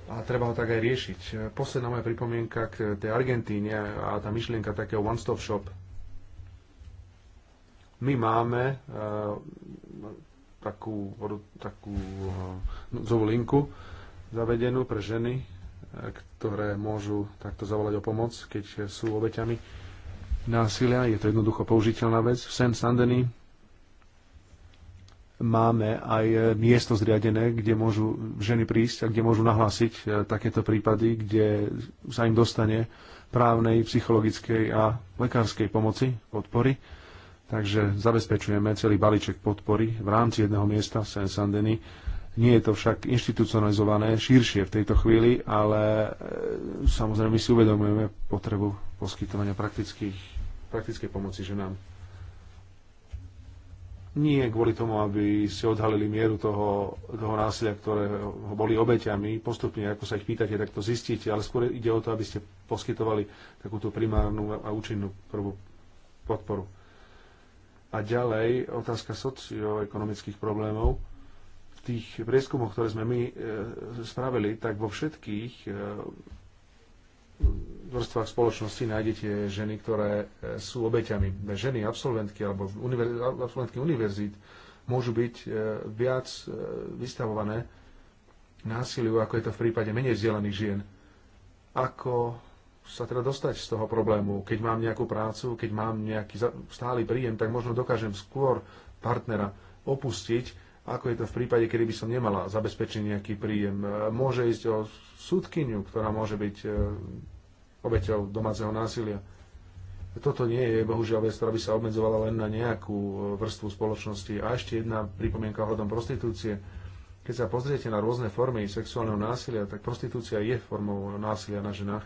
a treba ho tak aj riešiť. Posledná moja pripomienka k tej Argentíne a tá myšlienka takého one-stop shop. My máme uh, takú, takú uh, eh, linku zavedenú pre ženy, eh, ktoré môžu takto zavolať o pomoc, keď sú obeťami násilia. Je to jednoducho použiteľná vec. V Saint-Saint-Denis máme aj e, miesto zriadené, kde môžu ženy prísť a kde môžu nahlásiť e, takéto prípady, kde sa im dostane právnej, psychologickej a lekárskej pomoci, podpory. Takže zabezpečujeme celý balíček podpory v rámci jedného miesta v Saint-Saint-Denis. Nie je to však inštitucionalizované širšie v tejto chvíli, ale e, samozrejme my si uvedomujeme potrebu poskytovania praktických, praktickej pomoci ženám. Nie kvôli tomu, aby si odhalili mieru toho, toho násilia, ktoré boli obeťami. Postupne, ako sa ich pýtate, tak to zistíte, ale skôr ide o to, aby ste poskytovali takúto primárnu a účinnú prvú podporu. A ďalej otázka socioekonomických problémov. V tých prieskumoch, ktoré sme my e, spravili, tak vo všetkých e, vrstvách spoločnosti nájdete ženy, ktoré e, sú obeťami. Ženy, absolventky alebo univerz, absolventky univerzít môžu byť e, viac e, vystavované násiliu, ako je to v prípade menej vzdelaných žien. Ako sa teda dostať z toho problému? Keď mám nejakú prácu, keď mám nejaký stály príjem, tak možno dokážem skôr partnera opustiť, ako je to v prípade, kedy by som nemala zabezpečiť nejaký príjem. E, môže ísť o súdkyňu, ktorá môže byť e, obeťou domáceho násilia. Toto nie je bohužiaľ vec, ktorá by sa obmedzovala len na nejakú e, vrstvu spoločnosti. A ešte jedna pripomienka ohľadom prostitúcie. Keď sa pozriete na rôzne formy sexuálneho násilia, tak prostitúcia je formou násilia na ženách.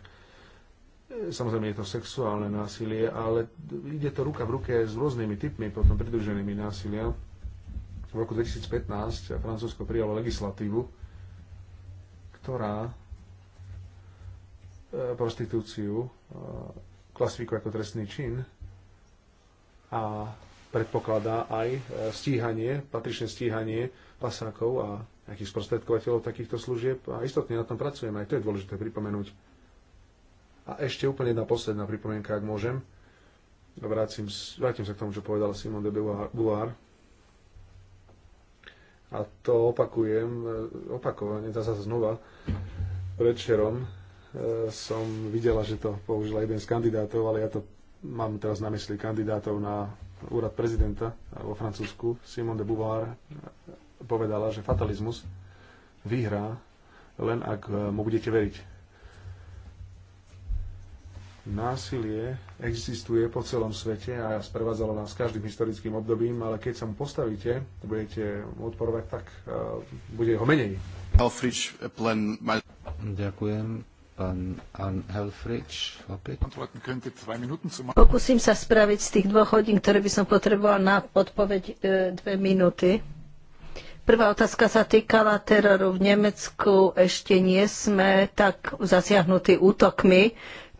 Samozrejme je to sexuálne násilie, ale ide to ruka v ruke s rôznymi typmi potom pridruženými násilia v roku 2015 Francúzsko prijalo legislatívu, ktorá e, prostitúciu e, klasifikuje ako trestný čin a predpokladá aj e, stíhanie, patričné stíhanie pasákov a nejakých sprostredkovateľov takýchto služieb a istotne na tom pracujeme, aj to je dôležité pripomenúť. A ešte úplne jedna posledná pripomienka, ak môžem. Vrátim, vrátim sa k tomu, čo povedal Simon de Beauvoir a to opakujem, e, opakovane, zase znova, predšerom e, som videla, že to použila jeden z kandidátov, ale ja to mám teraz na mysli kandidátov na úrad prezidenta vo Francúzsku. Simone de Beauvoir e, povedala, že fatalizmus vyhrá len ak mu budete veriť násilie existuje po celom svete a sprevádzalo nás každým historickým obdobím, ale keď sa mu postavíte, budete mu odporovať, tak uh, bude ho menej. Helfrich, eh, plen... Ďakujem. Pán Ann Helfrich, opäť. Pokúsim sa spraviť z tých dvoch hodín, ktoré by som potreboval na odpoveď e, dve minúty. Prvá otázka sa týkala teroru v Nemecku. Ešte nie sme tak zasiahnutí útokmi,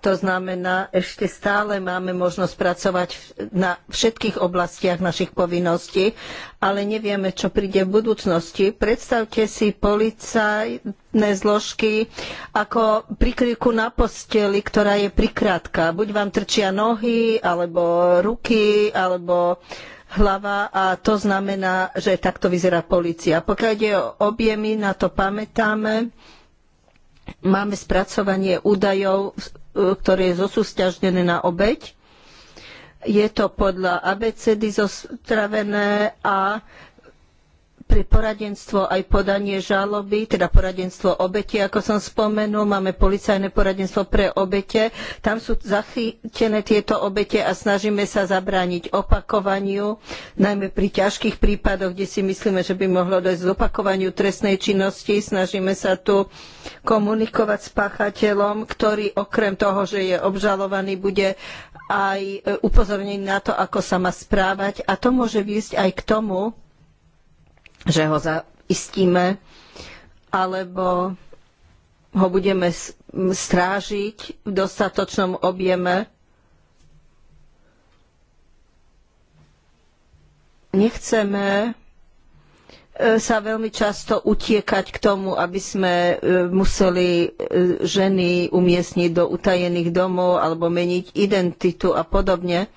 to znamená, ešte stále máme možnosť pracovať na všetkých oblastiach našich povinností, ale nevieme, čo príde v budúcnosti. Predstavte si policajné zložky ako prikryvku na posteli, ktorá je prikrátka. Buď vám trčia nohy, alebo ruky, alebo hlava a to znamená, že takto vyzerá polícia. Pokiaľ ide o objemy, na to pamätáme. Máme spracovanie údajov, e, ktoré je zosústiažnené na obeď. Je to podľa ABCD zostravené a pre poradenstvo aj podanie žaloby, teda poradenstvo obete, ako som spomenul, máme policajné poradenstvo pre obete. Tam sú zachytené tieto obete a snažíme sa zabrániť opakovaniu, najmä pri ťažkých prípadoch, kde si myslíme, že by mohlo dojsť k opakovaniu trestnej činnosti. Snažíme sa tu komunikovať s páchateľom, ktorý okrem toho, že je obžalovaný, bude aj upozornený na to, ako sa má správať a to môže viesť aj k tomu, že ho zaistíme, alebo ho budeme strážiť v dostatočnom objeme. Nechceme e, sa veľmi často utiekať k tomu, aby sme e, museli e, ženy umiestniť do utajených domov alebo meniť identitu a podobne.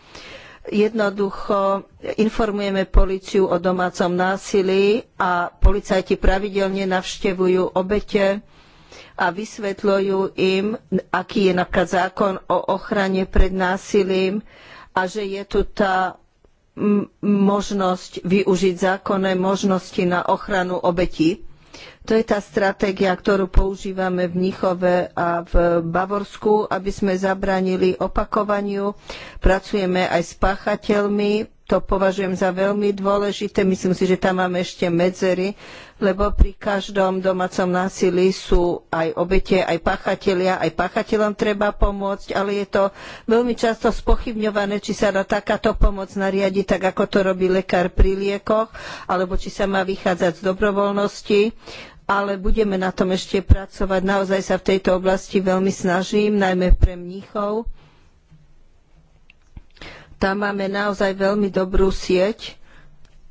Jednoducho informujeme políciu o domácom násilí a policajti pravidelne navštevujú obete a vysvetľujú im, aký je napríklad zákon o ochrane pred násilím a že je tu tá možnosť využiť zákonné možnosti na ochranu obetí. To je tá stratégia, ktorú používame v Nichove a v Bavorsku, aby sme zabránili opakovaniu. Pracujeme aj s páchateľmi, to považujem za veľmi dôležité. Myslím si, že tam máme ešte medzery, lebo pri každom domácom násilí sú aj obete, aj pachatelia. Aj pachateľom treba pomôcť, ale je to veľmi často spochybňované, či sa dá takáto pomoc nariadiť, tak ako to robí lekár pri liekoch, alebo či sa má vychádzať z dobrovoľnosti ale budeme na tom ešte pracovať. Naozaj sa v tejto oblasti veľmi snažím, najmä pre mníchov tam máme naozaj veľmi dobrú sieť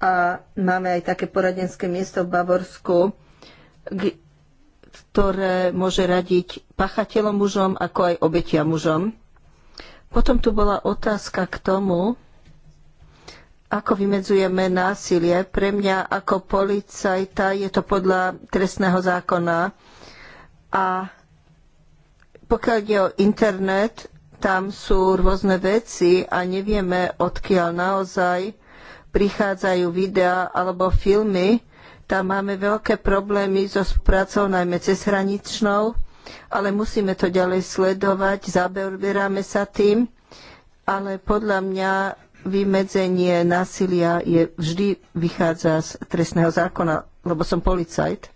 a máme aj také poradenské miesto v Bavorsku, ktoré môže radiť pachateľom mužom, ako aj obetia mužom. Potom tu bola otázka k tomu, ako vymedzujeme násilie. Pre mňa ako policajta je to podľa trestného zákona. A pokiaľ ide o internet, tam sú rôzne veci a nevieme, odkiaľ naozaj prichádzajú videá alebo filmy. Tam máme veľké problémy so prácou, najmä cezhraničnou, ale musíme to ďalej sledovať, zaberáme sa tým, ale podľa mňa vymedzenie násilia je, vždy vychádza z trestného zákona, lebo som policajt.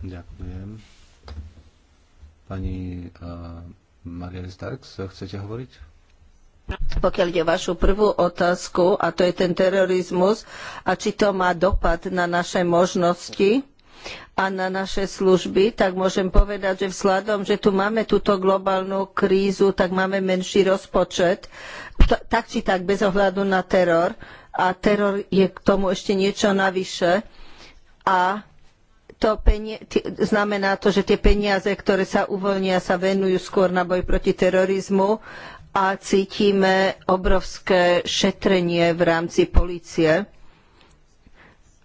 Ďakujem. Pani uh Starks, chcete hovoriť? Pokiaľ ide o vašu prvú otázku, a to je ten terorizmus, a či to má dopad na naše možnosti a na naše služby, tak môžem povedať, že vzhľadom, že tu máme túto globálnu krízu, tak máme menší rozpočet, tak či tak bez ohľadu na teror. A teror je k tomu ešte niečo navyše. A to znamená to, že tie peniaze, ktoré sa uvoľnia, sa venujú skôr na boj proti terorizmu a cítime obrovské šetrenie v rámci polície.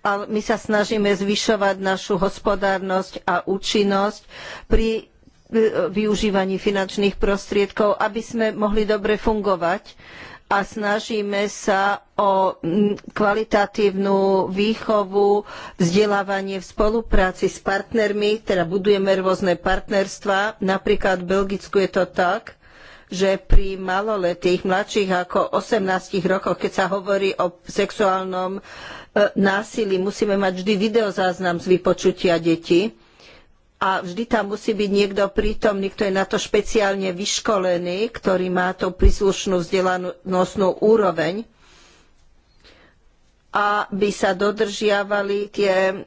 A my sa snažíme zvyšovať našu hospodárnosť a účinnosť pri e, využívaní finančných prostriedkov, aby sme mohli dobre fungovať a snažíme sa o mm, kvalitatívnu výchovu, vzdelávanie v spolupráci s partnermi, teda budujeme rôzne partnerstva. Napríklad v Belgicku je to tak, že pri maloletých, mladších ako 18 rokoch, keď sa hovorí o sexuálnom e, násilí, musíme mať vždy videozáznam z vypočutia detí a vždy tam musí byť niekto prítomný, kto je na to špeciálne vyškolený, ktorý má tú príslušnú vzdelanostnú úroveň aby sa dodržiavali tie e,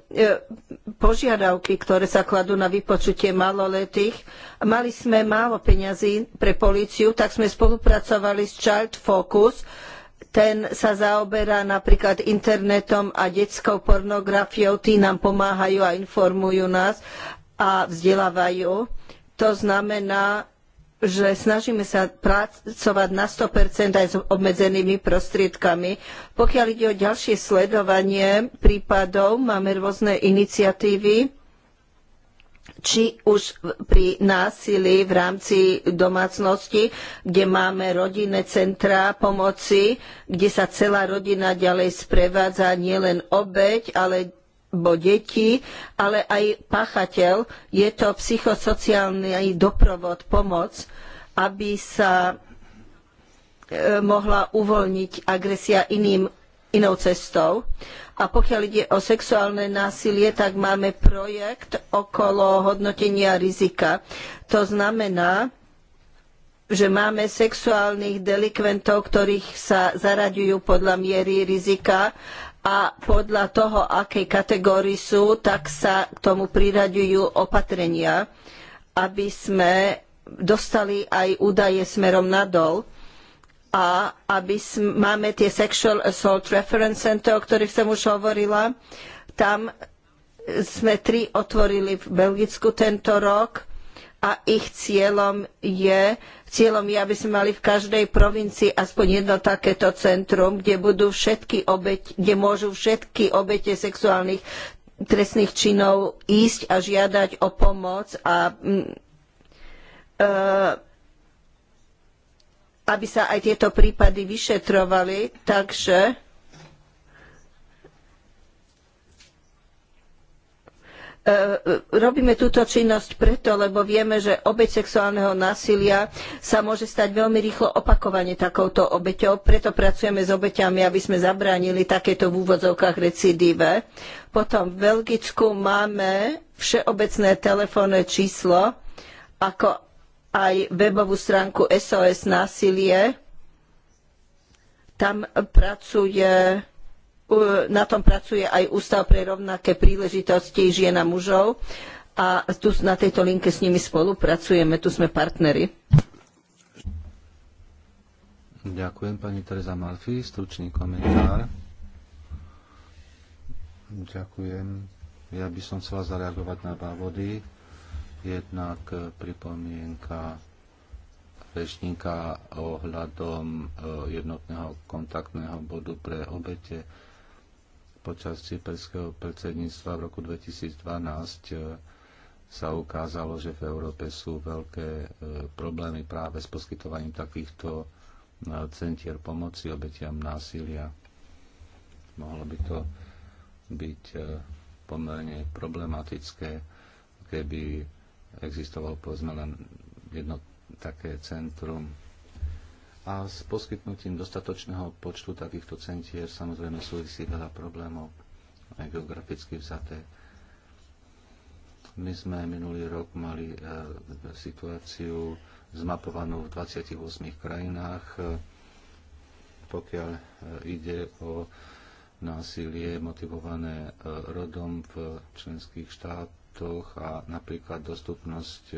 požiadavky, ktoré sa kladú na vypočutie maloletých. Mali sme málo peňazí pre políciu, tak sme spolupracovali s Child Focus. Ten sa zaoberá napríklad internetom a detskou pornografiou. Tí nám pomáhajú a informujú nás a vzdelávajú. To znamená, že snažíme sa pracovať na 100% aj s obmedzenými prostriedkami. Pokiaľ ide o ďalšie sledovanie prípadov, máme rôzne iniciatívy, či už pri násilí v rámci domácnosti, kde máme rodinné centrá pomoci, kde sa celá rodina ďalej sprevádza, nielen obeď, ale bo deti, ale aj páchateľ. Je to psychosociálny doprovod, pomoc, aby sa e, mohla uvoľniť agresia iným, inou cestou. A pokiaľ ide o sexuálne násilie, tak máme projekt okolo hodnotenia rizika. To znamená, že máme sexuálnych delikventov, ktorých sa zaraďujú podľa miery rizika a podľa toho, akej kategórii sú, tak sa k tomu priraďujú opatrenia, aby sme dostali aj údaje smerom nadol a aby máme tie Sexual Assault Reference Center, o ktorých som už hovorila. Tam sme tri otvorili v Belgicku tento rok a ich cieľom je Cieľom je, aby sme mali v každej provincii aspoň jedno takéto centrum, kde, budú všetky obeť, kde môžu všetky obete sexuálnych trestných činov ísť a žiadať o pomoc a mm, e, aby sa aj tieto prípady vyšetrovali, takže E, robíme túto činnosť preto, lebo vieme, že obeť sexuálneho násilia sa môže stať veľmi rýchlo opakovane takouto obeťou, preto pracujeme s obeťami, aby sme zabránili takéto v úvodzovkách recidíve. Potom v Belgicku máme všeobecné telefónne číslo, ako aj webovú stránku SOS násilie. Tam pracuje na tom pracuje aj Ústav pre rovnaké príležitosti žien a mužov a tu na tejto linke s nimi spolupracujeme, tu sme partneri. Ďakujem pani Teresa Malfi, stručný komentár. Ďakujem. Ja by som chcela zareagovať na dva Jednak eh, pripomienka rečníka ohľadom eh, jednotného kontaktného bodu pre obete počas cyperského predsedníctva v roku 2012 e, sa ukázalo, že v Európe sú veľké e, problémy práve s poskytovaním takýchto e, centier pomoci obetiam násilia. Mohlo by to byť pomerne problematické, keby existovalo povedzme len jedno také centrum a s poskytnutím dostatočného počtu takýchto centier samozrejme súvisí veľa problémov, aj geograficky vzaté. My sme minulý rok mali e, situáciu zmapovanú v 28 krajinách, e, pokiaľ e, ide o násilie motivované rodom v členských štátoch a napríklad dostupnosť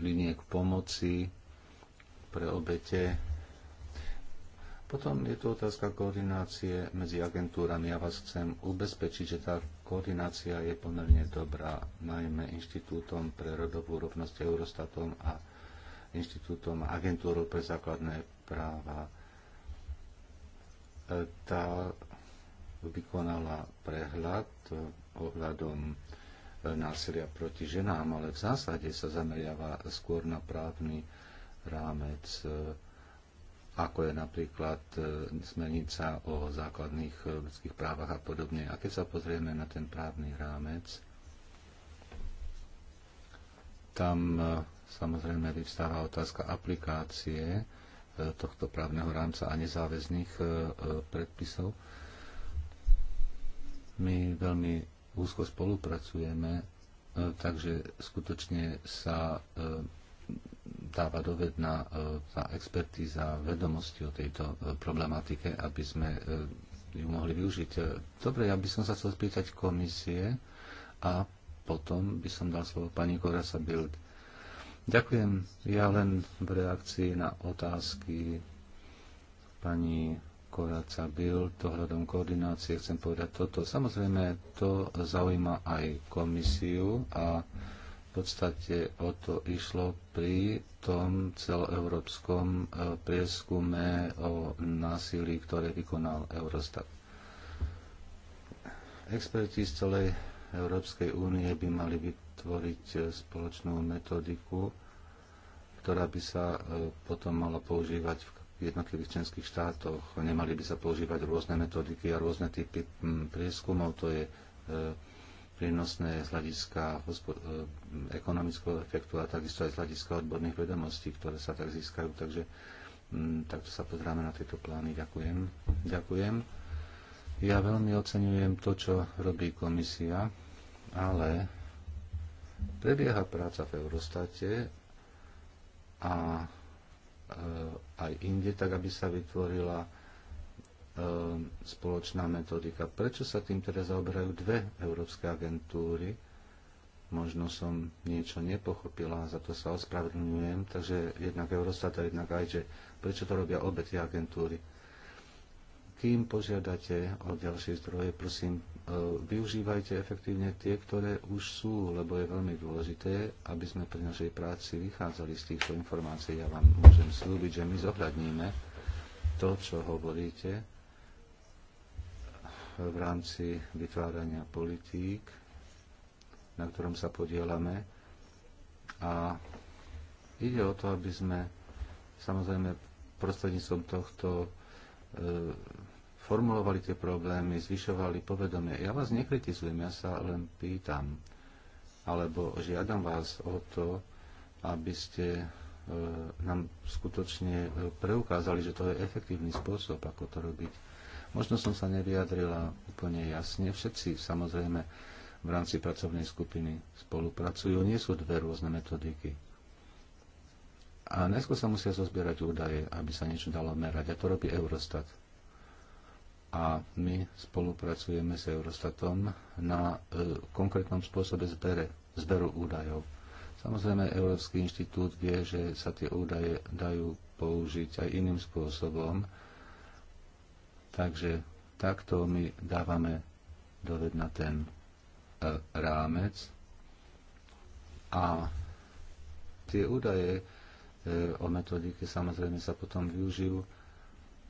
liniek pomoci pre obete. Potom je tu otázka koordinácie medzi agentúrami. Ja vás chcem ubezpečiť, že tá koordinácia je pomerne dobrá, najmä Inštitútom pre rodovú rovnosť Eurostatom a Inštitútom agentúrov pre základné práva. E, tá vykonala prehľad ohľadom násilia proti ženám, ale v zásade sa zameriava skôr na právny rámec, e, ako je napríklad e, smernica o základných e, ľudských právach a podobne. A keď sa pozrieme na ten právny rámec, tam samozrejme vyvstáva otázka aplikácie tohto právneho rámca a nezáväzných predpisov. My veľmi úzko spolupracujeme, e, takže skutočne sa e, dáva dovedná e, tá expertíza, vedomosti o tejto problematike, aby sme ju mohli využiť. Dobre, ja by som sa chcel spýtať komisie a potom by som dal slovo pani Korasa Bild. Ďakujem. Ja len v reakcii na otázky pani byl Bill dohľadom koordinácie chcem povedať toto. Samozrejme, to zaujíma aj komisiu a v podstate o to išlo pri tom celoeurópskom e, prieskume o násilí, ktoré vykonal Eurostat. Experti z celej Európskej únie by mali vytvoriť e, spoločnú metodiku, ktorá by sa e, potom mala používať v jednotlivých členských štátoch. Nemali by sa používať rôzne metodiky a rôzne typy mm, prieskumov. To je e, prínosné z hľadiska e, ekonomického efektu a takisto aj z hľadiska odborných vedomostí, ktoré sa tak získajú. Takže mm, takto sa pozráme na tieto plány. Ďakujem. Ďakujem. Ja veľmi oceňujem to, čo robí komisia, ale prebieha práca v Eurostate a Eh, aj inde, tak aby sa vytvorila eh, spoločná metodika. Prečo sa tým teda zaoberajú dve európske agentúry? Možno som niečo nepochopila, za to sa ospravedlňujem. Takže jednak Eurostat a jednak aj, že prečo to robia obe tie agentúry? Kým požiadate o ďalšie zdroje, prosím, E, využívajte efektívne tie, ktoré už sú, lebo je veľmi dôležité, aby sme pri našej práci vychádzali z týchto informácií. Ja vám môžem slúbiť, že my zohľadníme to, čo hovoríte v rámci vytvárania politík, na ktorom sa podielame. A ide o to, aby sme samozrejme prostredníctvom tohto e, formulovali tie problémy, zvyšovali povedomie. Ja vás nekritizujem, ja sa len pýtam, alebo žiadam vás o to, aby ste e, nám skutočne e, preukázali, že to je efektívny spôsob, ako to robiť. Možno som sa nevyjadrila úplne jasne. Všetci samozrejme v rámci pracovnej skupiny spolupracujú. Nie sú dve rôzne metodiky. A najskôr sa musia zozbierať údaje, aby sa niečo dalo merať. A to robí Eurostat a my spolupracujeme s Eurostatom na e, konkrétnom spôsobe zbere, zberu údajov. Samozrejme, Európsky inštitút vie, že sa tie údaje dajú použiť aj iným spôsobom, takže takto my dávame doved na ten e, rámec a tie údaje e, o metodike samozrejme sa potom využijú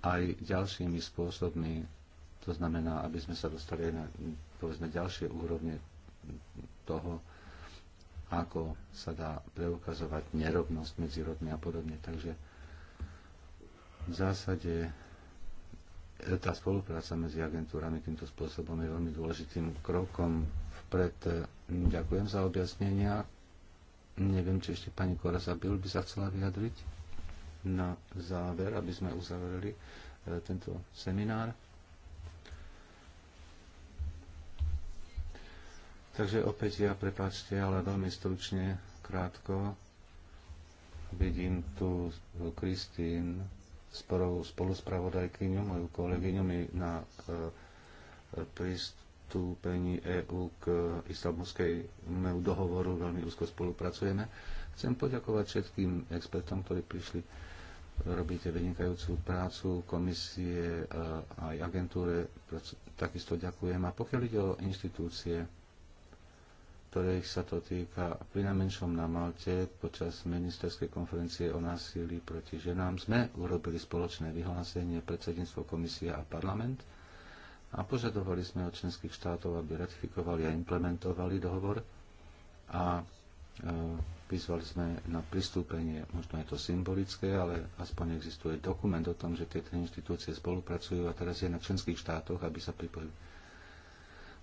aj ďalšími spôsobmi. To znamená, aby sme sa dostali aj na povedzme, ďalšie úrovne toho, ako sa dá preukazovať nerovnosť medzi rodmi a podobne. Takže v zásade tá spolupráca medzi agentúrami týmto spôsobom je veľmi dôležitým krokom vpred. Ďakujem za objasnenia. Neviem, či ešte pani Korasa Bil by sa chcela vyjadriť na záver, aby sme uzavreli e, tento seminár. Takže opäť ja, prepáčte, ale veľmi stručne, krátko. Vidím tu Kristín, spoluspravodajkyňu, moju kolegyňu, mi na e, e, pristúpení EÚ k istambulskému dohovoru veľmi úzko spolupracujeme. Chcem poďakovať všetkým expertom, ktorí prišli robíte vynikajúcu prácu komisie e, aj agentúre, takisto ďakujem. A pokiaľ ide o inštitúcie, ktorých sa to týka pri najmenšom na Malte počas ministerskej konferencie o násilí proti ženám, sme urobili spoločné vyhlásenie predsedníctvo komisia a parlament a požadovali sme od členských štátov, aby ratifikovali a implementovali dohovor a E, vyzvali sme na pristúpenie, možno je to symbolické, ale aspoň existuje dokument o tom, že tieto inštitúcie spolupracujú a teraz je na členských štátoch, aby sa pripojili.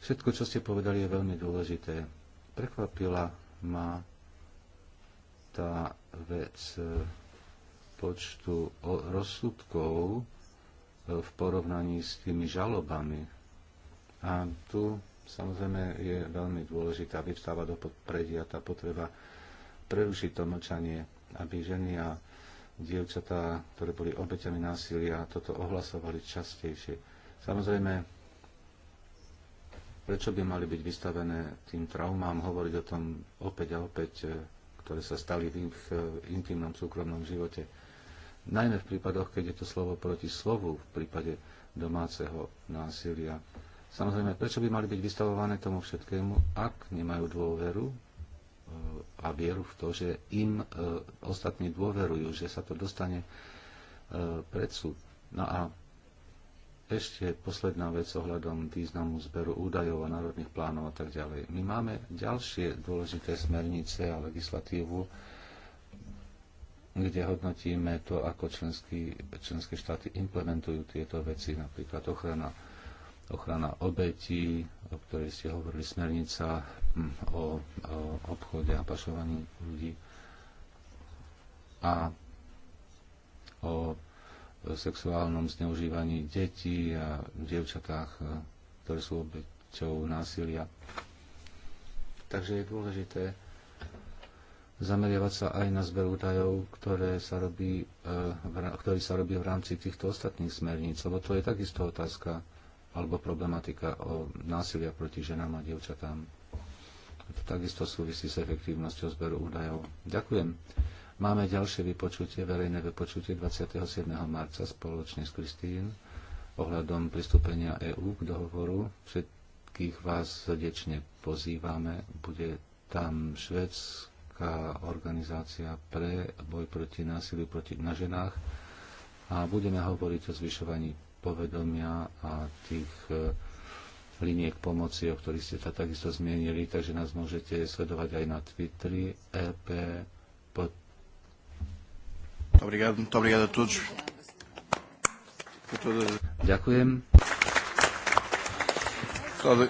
Všetko, čo ste povedali, je veľmi dôležité. Prekvapila ma tá vec e, počtu rozsudkov e, v porovnaní s tými žalobami. A tu Samozrejme je veľmi aby vstáva do popredia tá potreba prerušiť to mlčanie, aby ženy a dievčatá, ktoré boli obeťami násilia, toto ohlasovali častejšie. Samozrejme, prečo by mali byť vystavené tým traumám, hovoriť o tom opäť a opäť, e, ktoré sa stali v ich e, intimnom, súkromnom živote. Najmä v prípadoch, keď je to slovo proti slovu, v prípade domáceho násilia. Samozrejme, prečo by mali byť vystavované tomu všetkému, ak nemajú dôveru eh, a vieru v to, že im eh, ostatní dôverujú, že sa to dostane eh, pred súd. No a ešte posledná vec ohľadom významu zberu údajov a národných plánov a tak ďalej. My máme ďalšie dôležité smernice a legislatívu, kde hodnotíme to, ako členské štáty implementujú tieto veci, napríklad ochrana ochrana obetí, o ktorej ste hovorili, smernica hm, o, o obchode a pašovaní ľudí a o sexuálnom zneužívaní detí a dievčatách, e, ktoré sú obeťou násilia. Takže je dôležité zameriavať sa aj na zber údajov, ktoré sa robí, e, ktorý sa robí v rámci týchto ostatných smerníc, lebo to je takisto otázka alebo problematika o násilia proti ženám a dievčatám. To takisto súvisí s efektívnosťou zberu údajov. Ďakujem. Máme ďalšie vypočutie, verejné vypočutie 27. marca spoločne s Kristín ohľadom pristúpenia EÚ k dohovoru. Všetkých vás srdečne pozývame. Bude tam švedská organizácia pre boj proti násiliu proti, na ženách a budeme hovoriť o zvyšovaní povedomia a tých e, liniek pomoci, o ktorých ste sa takisto zmienili, takže nás môžete sledovať aj na Twitteri EP pod... Ďakujem.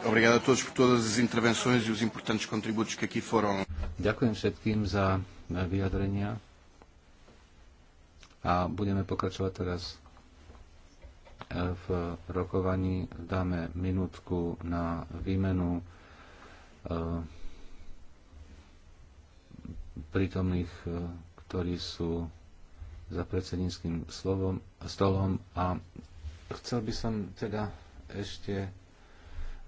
Obrigado a todos por todas as intervenções e os importantes contributos que aqui foram. Ďakujem všetkým za e, vyjadrenia a budeme pokračovať teraz v rokovaní dáme minútku na výmenu eh, prítomných, eh, ktorí sú za predsedníckým slovom, stolom a chcel by som teda ešte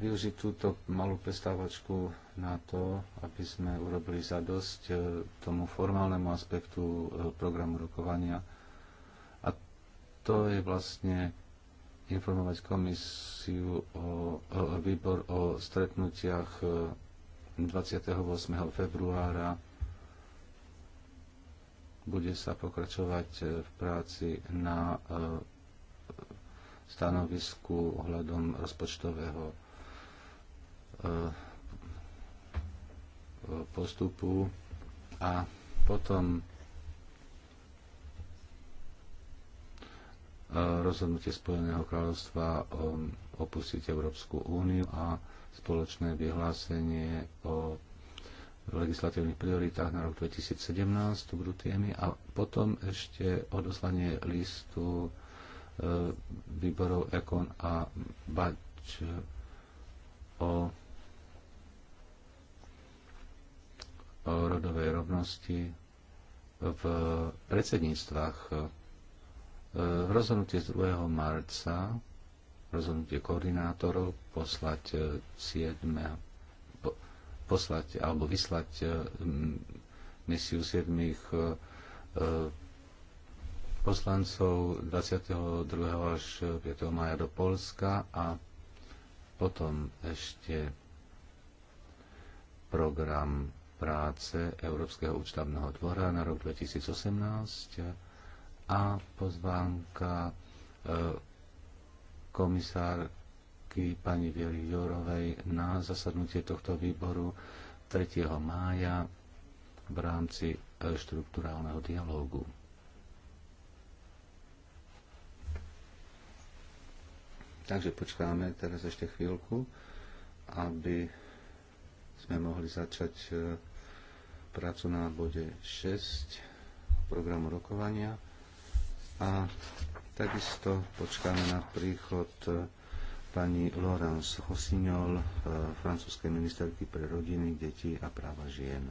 využiť túto malú prestávačku na to, aby sme urobili zadosť eh, tomu formálnemu aspektu programu rokovania. A to je vlastne informovať komisiu o, o výbor o stretnutiach 28. E, februára. Bude sa pokračovať e, v práci na e, stanovisku ohľadom rozpočtového postupu a potom rozhodnutie Spojeného kráľovstva um, opustiť Európsku úniu a spoločné vyhlásenie o legislatívnych prioritách na rok 2017, tu budú témy, a potom ešte odoslanie listu e, výborov Ekon a Bač o, o rodovej rovnosti v predsedníctvách Eh, rozhodnutie z 2. marca, rozhodnutie koordinátorov poslať 7. Eh, poslať alebo vyslať eh, misiu 7 poslancov 22. až 5. maja do Polska a potom ešte program práce Európskeho účtavného dvora na rok 2018 a pozvánka e, komisárky pani Viery Jorovej na zasadnutie tohto výboru 3. mája v rámci e, štruktúrálneho dialógu. Takže počkáme teraz ešte chvíľku, aby sme mohli začať e, prácu na bode 6 programu rokovania a takisto počkáme na príchod e, pani Laurence Hosignol, e, francúzskej ministerky pre rodiny, deti a práva žien.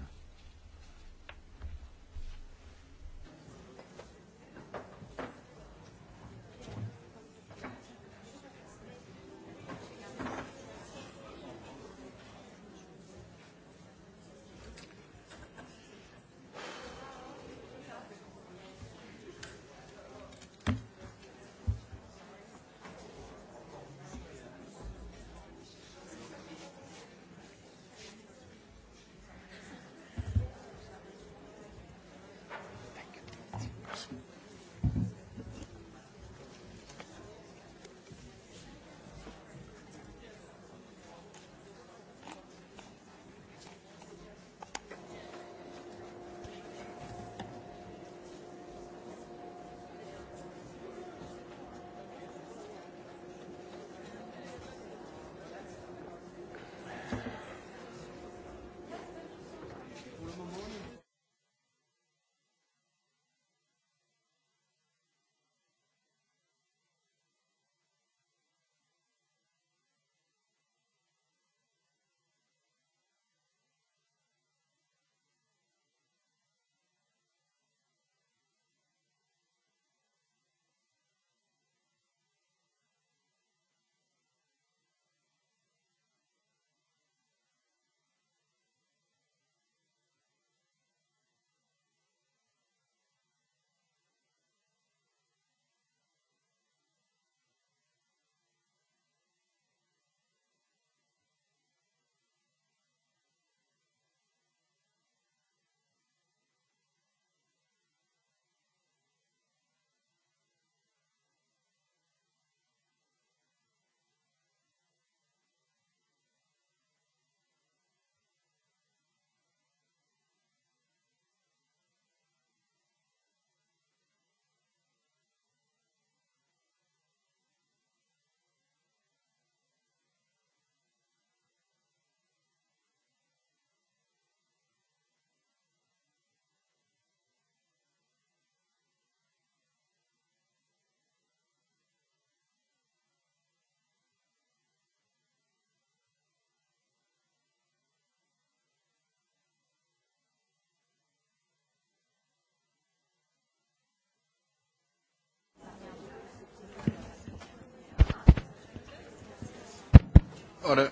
Ora...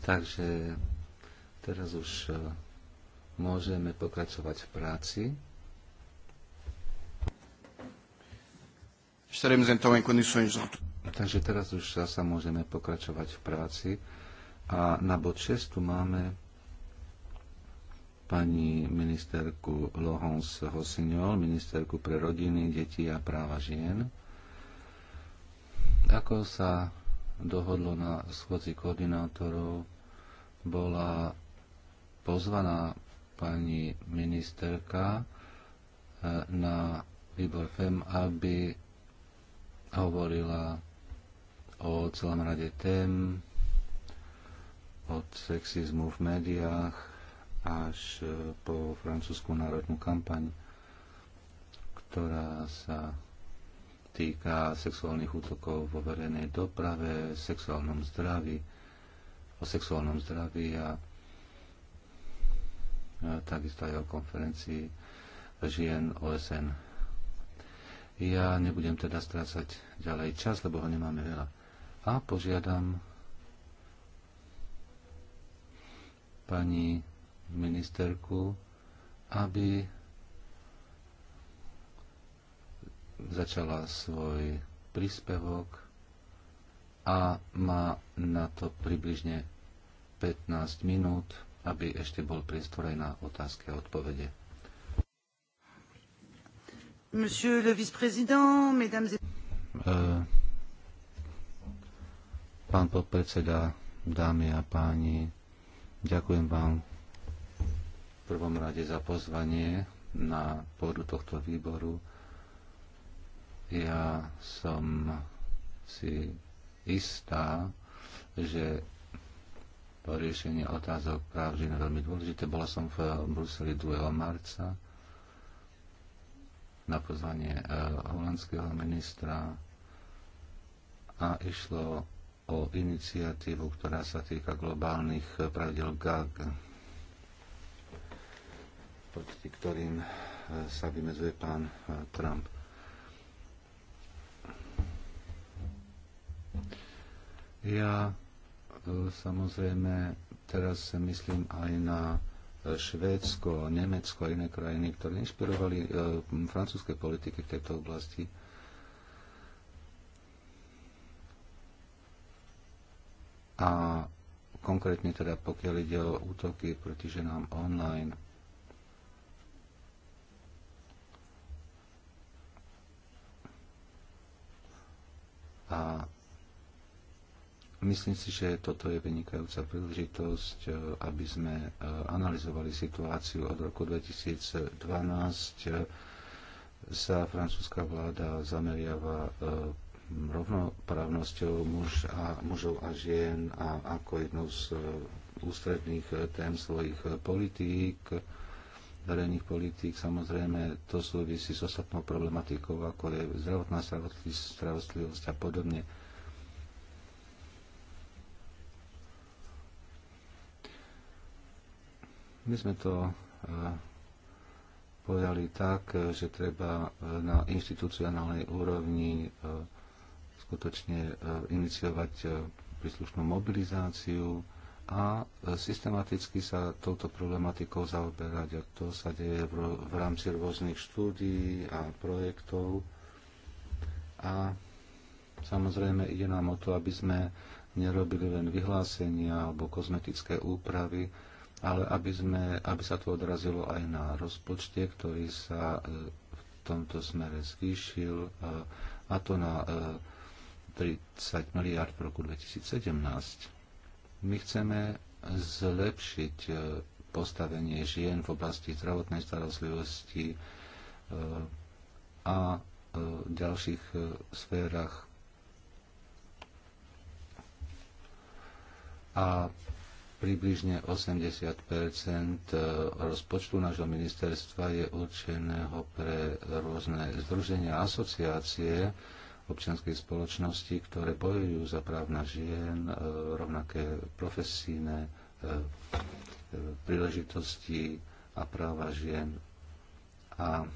Takže teraz už e, môžeme pokračovať v práci. Takže teraz už sa môžeme pokračovať v práci. A na bod 6 tu máme pani ministerku Lohons Hosignol, ministerku pre rodiny, deti a práva žien. Ako sa dohodlo na schodzi koordinátorov, bola pozvaná pani ministerka eh, na výbor FEM, aby hovorila o celom rade tém, od sexizmu v médiách až eh, po francúzskú národnú kampaň, ktorá sa týka sexuálnych útokov vo verejnej doprave, sexuálnom zdraví, o sexuálnom zdraví a takisto aj o konferencii žien OSN. Ja nebudem teda strácať ďalej čas, lebo ho nemáme veľa. A požiadam pani ministerku, aby začala svoj príspevok a má na to približne 15 minút, aby ešte bol priestor aj na otázky a odpovede. Monsieur le vice-président, mesdames et... Eh, pán podpredseda, dámy a páni, ďakujem vám v prvom rade za pozvanie na pôdu tohto výboru ja som si istá, že riešenie otázok práv žien veľmi dôležité. Bola som v Bruseli 2. marca na pozvanie e, holandského ministra a išlo o iniciatívu, ktorá sa týka globálnych e, pravidel GAG, proti ktorým e, sa vymedzuje pán Trump. Ja e, samozrejme teraz myslím aj na e, Švédsko, Nemecko a iné krajiny, ktoré inšpirovali e, francúzske politiky v tejto oblasti. A konkrétne teda pokiaľ ide o útoky proti ženám online. A Myslím si, že toto je vynikajúca príležitosť, e, aby sme e, analyzovali situáciu od roku 2012. E, sa francúzska vláda zameriava rovnoprávnosťou muž a, mužov a žien a ako jednou z ústredných tém svojich politík, verejných politík. Samozrejme, to súvisí s ostatnou problematikou, ako je zdravotná starostlivosť a podobne My sme to e, povedali tak, e, že treba e, na inštitucionálnej úrovni skutočne iniciovať príslušnú mobilizáciu a systematicky sa touto problematikou zaoberať. A to sa deje v rámci rôznych štúdií a projektov. A samozrejme ide nám o to, aby sme nerobili len vyhlásenia alebo kozmetické úpravy, ale aby, sme, aby sa to odrazilo aj na rozpočte, ktorý sa e, v tomto smere zvýšil, e, a to na 30 e, miliard v roku 2017. My chceme zlepšiť postavenie žien v oblasti zdravotnej starostlivosti a ďalších sférach. A Približne 80 e, rozpočtu nášho ministerstva je určeného pre rôzne združenia, asociácie občianskej spoločnosti, ktoré bojujú za právna žien, e, rovnaké profesíne e, príležitosti a práva žien. A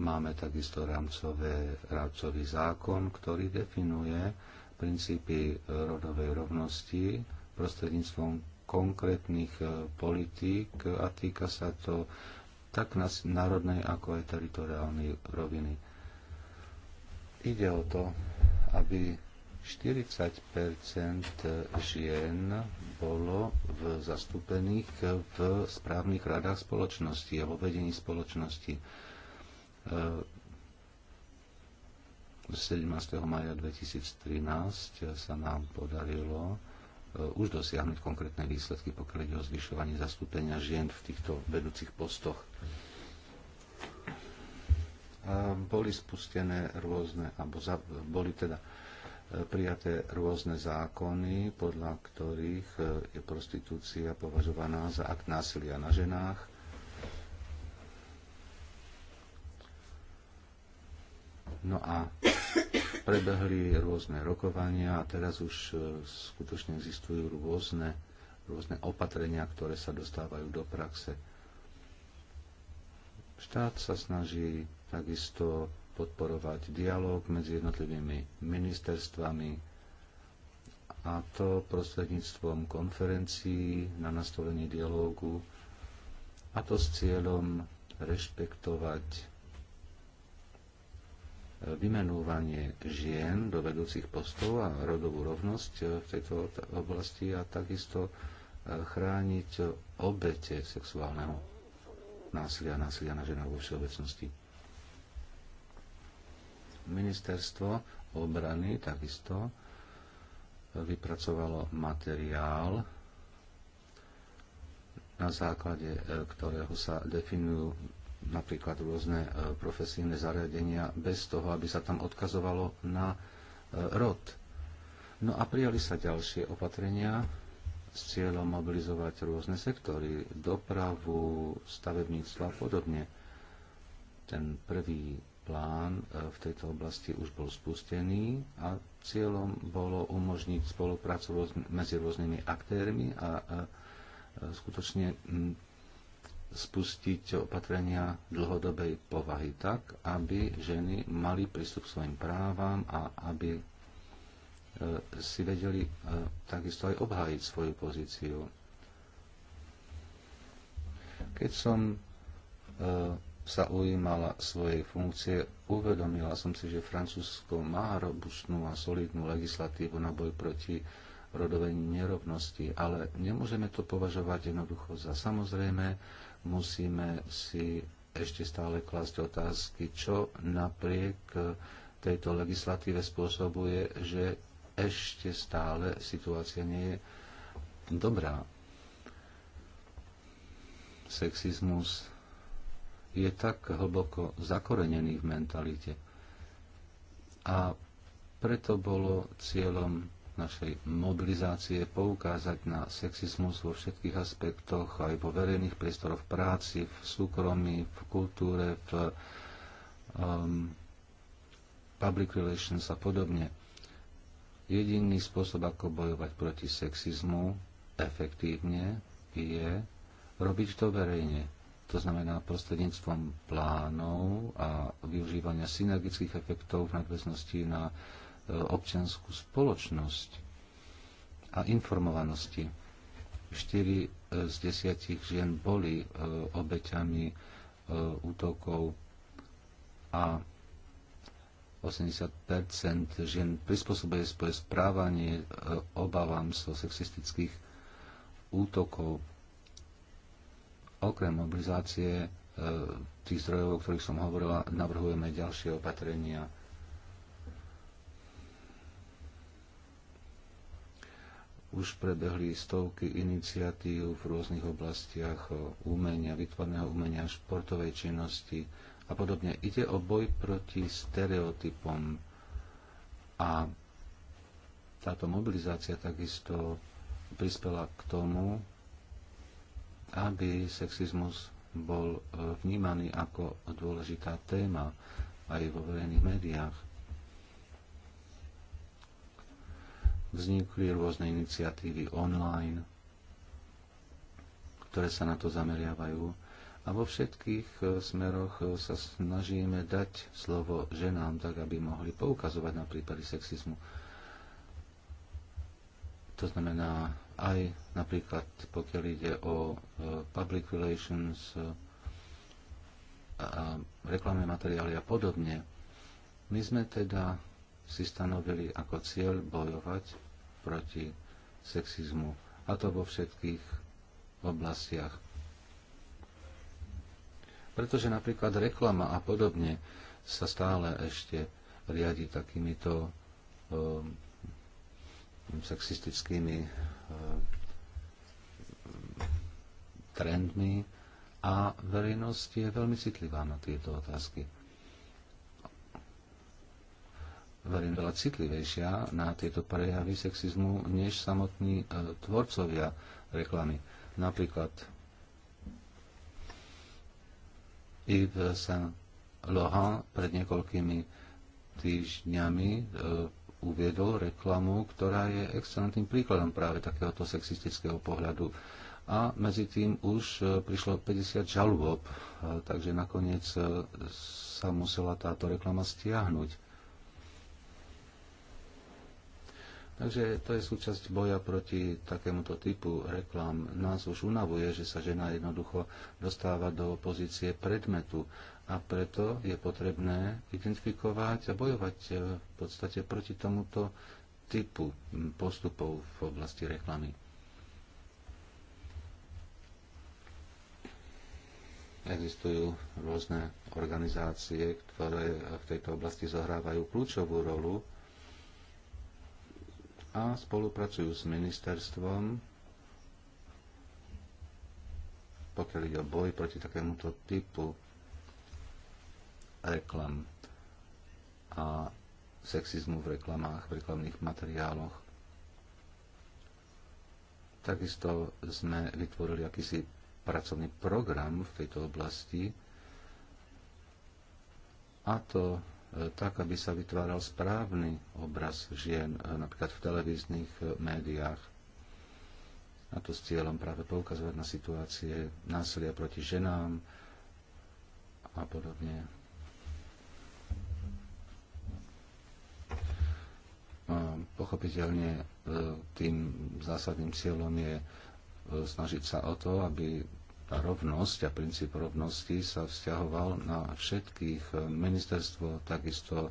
máme takisto rámcové, rámcový zákon, ktorý definuje princípy e, rodovej rovnosti prostredníctvom konkrétnych e, politík a týka sa to tak na národnej, ako aj teritoriálnej roviny. Ide o to, aby 40 žien bolo v zastúpených v správnych radách spoločnosti a vo vedení spoločnosti. E, 17. maja 2013 sa nám podarilo e, už dosiahnuť konkrétne výsledky, pokiaľ ide o zvyšovanie zastúpenia žien v týchto vedúcich postoch. A boli spustené rôzne, alebo za, boli teda e, prijaté rôzne zákony, podľa ktorých e, je prostitúcia považovaná za akt násilia na ženách No a prebehli rôzne rokovania a teraz už e, skutočne existujú rôzne, rôzne opatrenia, ktoré sa dostávajú do praxe. Štát sa snaží takisto podporovať dialog medzi jednotlivými ministerstvami a to prostredníctvom konferencií na nastolenie dialógu a to s cieľom rešpektovať vymenúvanie žien do vedúcich postov a rodovú rovnosť eh, v tejto oblasti a takisto eh, chrániť obete sexuálneho násilia a násilia na ženách vo všeobecnosti. Ministerstvo obrany takisto eh, vypracovalo materiál, na základe ktorého sa definujú napríklad rôzne e, profesívne zariadenia bez toho, aby sa tam odkazovalo na e, rod. No a prijali sa ďalšie opatrenia s cieľom mobilizovať rôzne sektory, dopravu, stavebníctvo a podobne. Ten prvý plán e, v tejto oblasti už bol spustený a cieľom bolo umožniť spoluprácu medzi rôznymi aktérmi a skutočne spustiť opatrenia dlhodobej povahy tak, aby ženy mali prístup k svojim právam a aby e, si vedeli e, takisto aj obhájiť svoju pozíciu. Keď som e, sa ujímala svojej funkcie, uvedomila som si, že Francúzsko má robustnú a solidnú legislatívu na boj proti rodovej nerovnosti, ale nemôžeme to považovať jednoducho za samozrejme, musíme si ešte stále klásť otázky, čo napriek e, tejto legislatíve spôsobuje, že ešte stále situácia nie je dobrá. Sexizmus je tak hlboko zakorenený v mentalite. A preto bolo cieľom našej mobilizácie poukázať na sexizmus vo všetkých aspektoch, aj vo verejných priestoroch, v práci, v súkromí, v kultúre, v um, public relations a podobne. Jediný spôsob, ako bojovať proti sexizmu efektívne, je robiť to verejne. To znamená prostredníctvom plánov a využívania synergických efektov v nadväznosti na občianskú spoločnosť a informovanosti. 4 e, z 10 žien boli e, obeťami e, útokov a 80 žien prispôsobuje svoje správanie obavám zo so sexistických útokov. Okrem mobilizácie tých zdrojov, o ktorých som hovorila, navrhujeme ďalšie opatrenia Už prebehli stovky iniciatív v rôznych oblastiach umenia, výtvarného umenia, športovej činnosti a podobne. Ide o boj proti stereotypom a táto mobilizácia takisto prispela k tomu, aby sexizmus bol e, vnímaný ako dôležitá téma aj vo verejných médiách. vznikli rôzne iniciatívy online, ktoré sa na to zameriavajú. A vo všetkých e, smeroch e, sa snažíme dať slovo ženám, tak aby mohli poukazovať na prípady sexizmu. To znamená aj napríklad, pokiaľ ide o e, public relations, reklamné materiály a podobne. My sme teda si stanovili ako cieľ bojovať proti sexizmu, a to vo všetkých oblastiach. Pretože napríklad reklama a podobne sa stále ešte riadi takýmito um, sexistickými um, trendmi a verejnosť je veľmi citlivá na tieto otázky. veľa citlivejšia na tieto prejavy sexizmu než samotní e, tvorcovia reklamy. Napríklad Yves Saint Laurent pred niekoľkými týždňami e, uviedol reklamu, ktorá je excelentným príkladom práve takéhoto sexistického pohľadu. A medzi tým už e, prišlo 50 žalôb, takže nakoniec sa musela táto reklama stiahnuť. Takže to je súčasť boja proti takémuto typu reklám. Nás už unavuje, že sa žena jednoducho dostáva do pozície predmetu a preto je potrebné identifikovať a bojovať e, v podstate proti tomuto typu postupov v oblasti reklamy. Existujú rôzne organizácie, ktoré v tejto oblasti zohrávajú kľúčovú rolu a spolupracujú s ministerstvom, pokiaľ ide o boj proti takémuto typu reklam a sexizmu v reklamách, v reklamných materiáloch. Takisto sme vytvorili akýsi pracovný program v tejto oblasti a to E, tak, aby sa vytváral správny obraz žien, e, napríklad v televíznych e, médiách. A to s cieľom práve poukazovať na situácie násilia proti ženám a podobne. Pochopiteľne tým zásadným cieľom je snažiť sa o to, aby rovnosť a princíp rovnosti sa vzťahoval na všetkých. Ministerstvo takisto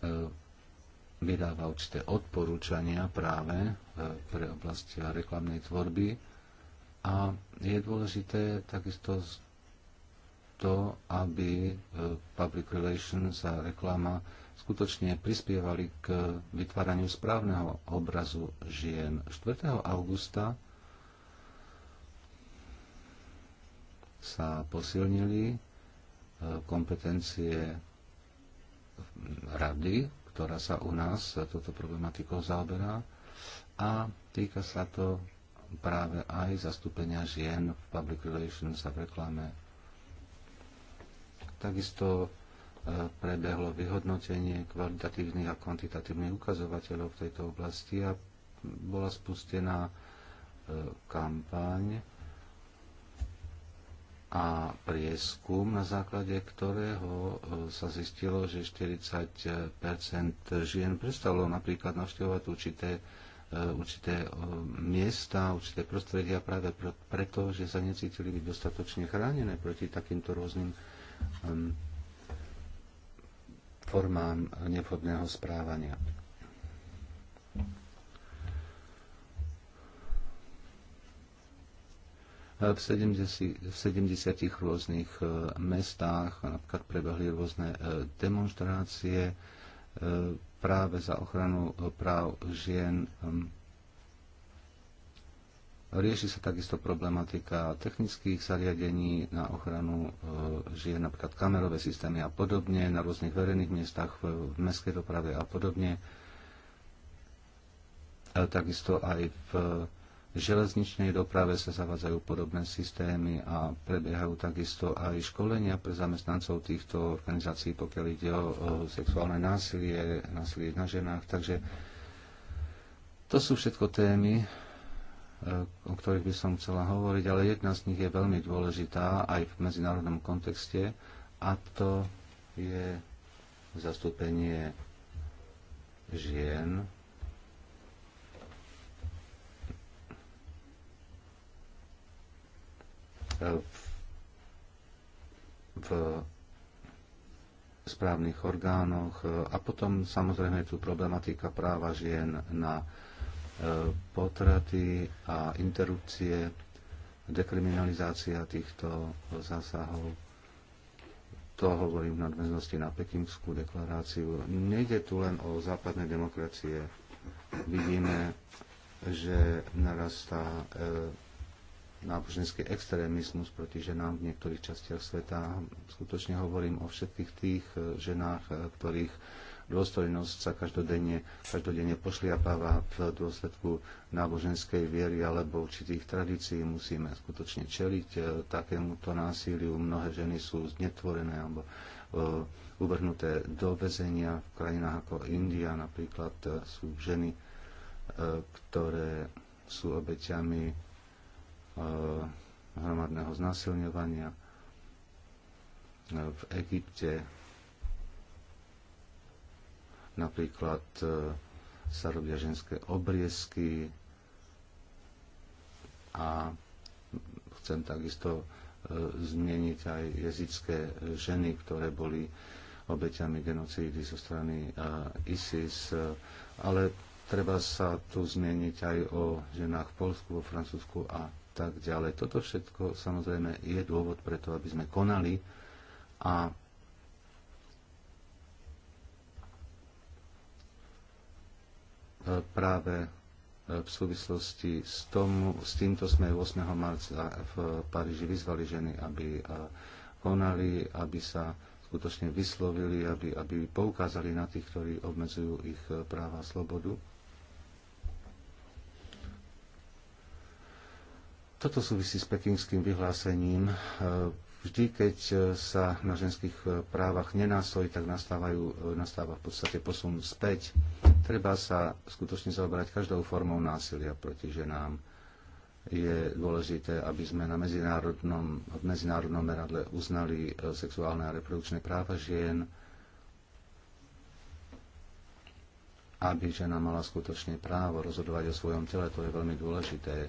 e, vydáva určité odporúčania práve e, pre oblasti reklamnej tvorby a je dôležité takisto to, aby e, public relations a reklama skutočne prispievali k vytváraniu správneho obrazu žien. 4. augusta sa posilnili e, kompetencie rady, ktorá sa u nás toto problematikou zaoberá a týka sa to práve aj zastúpenia žien v public relations a v reklame. Takisto e, prebehlo vyhodnotenie kvalitatívnych a kvantitatívnych ukazovateľov v tejto oblasti a bola spustená e, kampaň a prieskum, na základe ktorého e, sa zistilo, že 40 žien prestalo napríklad navštevovať určité, e, určité e, miesta, určité prostredia práve preto, že sa necítili byť dostatočne chránené proti takýmto rôznym formám nevhodného správania. v 70, v 70 rôznych e, mestách, napríklad prebehli rôzne e, demonstrácie e, práve za ochranu práv žien. Ehm, rieši sa takisto problematika technických zariadení na ochranu žien, napríklad kamerové systémy a podobne, na rôznych verejných miestach, v mestskej doprave a podobne. Takisto aj v železničnej doprave sa zavádzajú podobné systémy a prebiehajú takisto aj školenia pre zamestnancov týchto organizácií, pokiaľ ide o, sexuálne násilie, násilie na ženách. Takže to sú všetko témy, e, o ktorých by som chcela hovoriť, ale jedna z nich je veľmi dôležitá aj v medzinárodnom kontexte a to je zastúpenie žien v správnych orgánoch. A potom samozrejme tu problematika práva žien na e, potraty a interrupcie, dekriminalizácia týchto zásahov. To hovorím v nadväznosti na Pekingskú deklaráciu. Nejde tu len o západné demokracie. Vidíme, že narastá e, náboženský extrémizmus proti ženám v niektorých častiach sveta. Skutočne hovorím o všetkých tých eh, ženách, eh, ktorých dôstojnosť sa každodenne, každodenne pošliapáva v dôsledku náboženskej viery alebo určitých tradícií. Musíme skutočne čeliť eh, takémuto násiliu. Mnohé ženy sú znetvorené alebo uvrhnuté do väzenia. V krajinách ako India napríklad sú ženy, ktoré sú obeťami Eh, hromadného znásilňovania eh, v Egypte. Napríklad eh, sa robia ženské obriezky a chcem takisto zmieniť aj jezické ženy, ktoré boli obeťami genocídy zo strany ISIS, ale treba sa tu zmieniť aj o ženách v Polsku, vo Francúzsku a tak ďalej. Toto všetko samozrejme je dôvod preto, aby sme konali a práve v súvislosti s, tomu, s týmto sme 8. marca v Paríži vyzvali ženy, aby konali, aby sa skutočne vyslovili, aby, aby poukázali na tých, ktorí obmedzujú ich práva a slobodu. Toto súvisí s pekinským vyhlásením. E, vždy, keď e, sa na ženských e, právach nenásojí, tak nastávajú, nastáva v podstate posun späť. Treba sa skutočne zaoberať každou formou násilia proti ženám. Je dôležité, aby sme na medzinárodnom, v medzinárodnom meradle uznali sexuálne a reprodukčné práva žien, aby žena mala skutočne právo rozhodovať o svojom tele, to je veľmi dôležité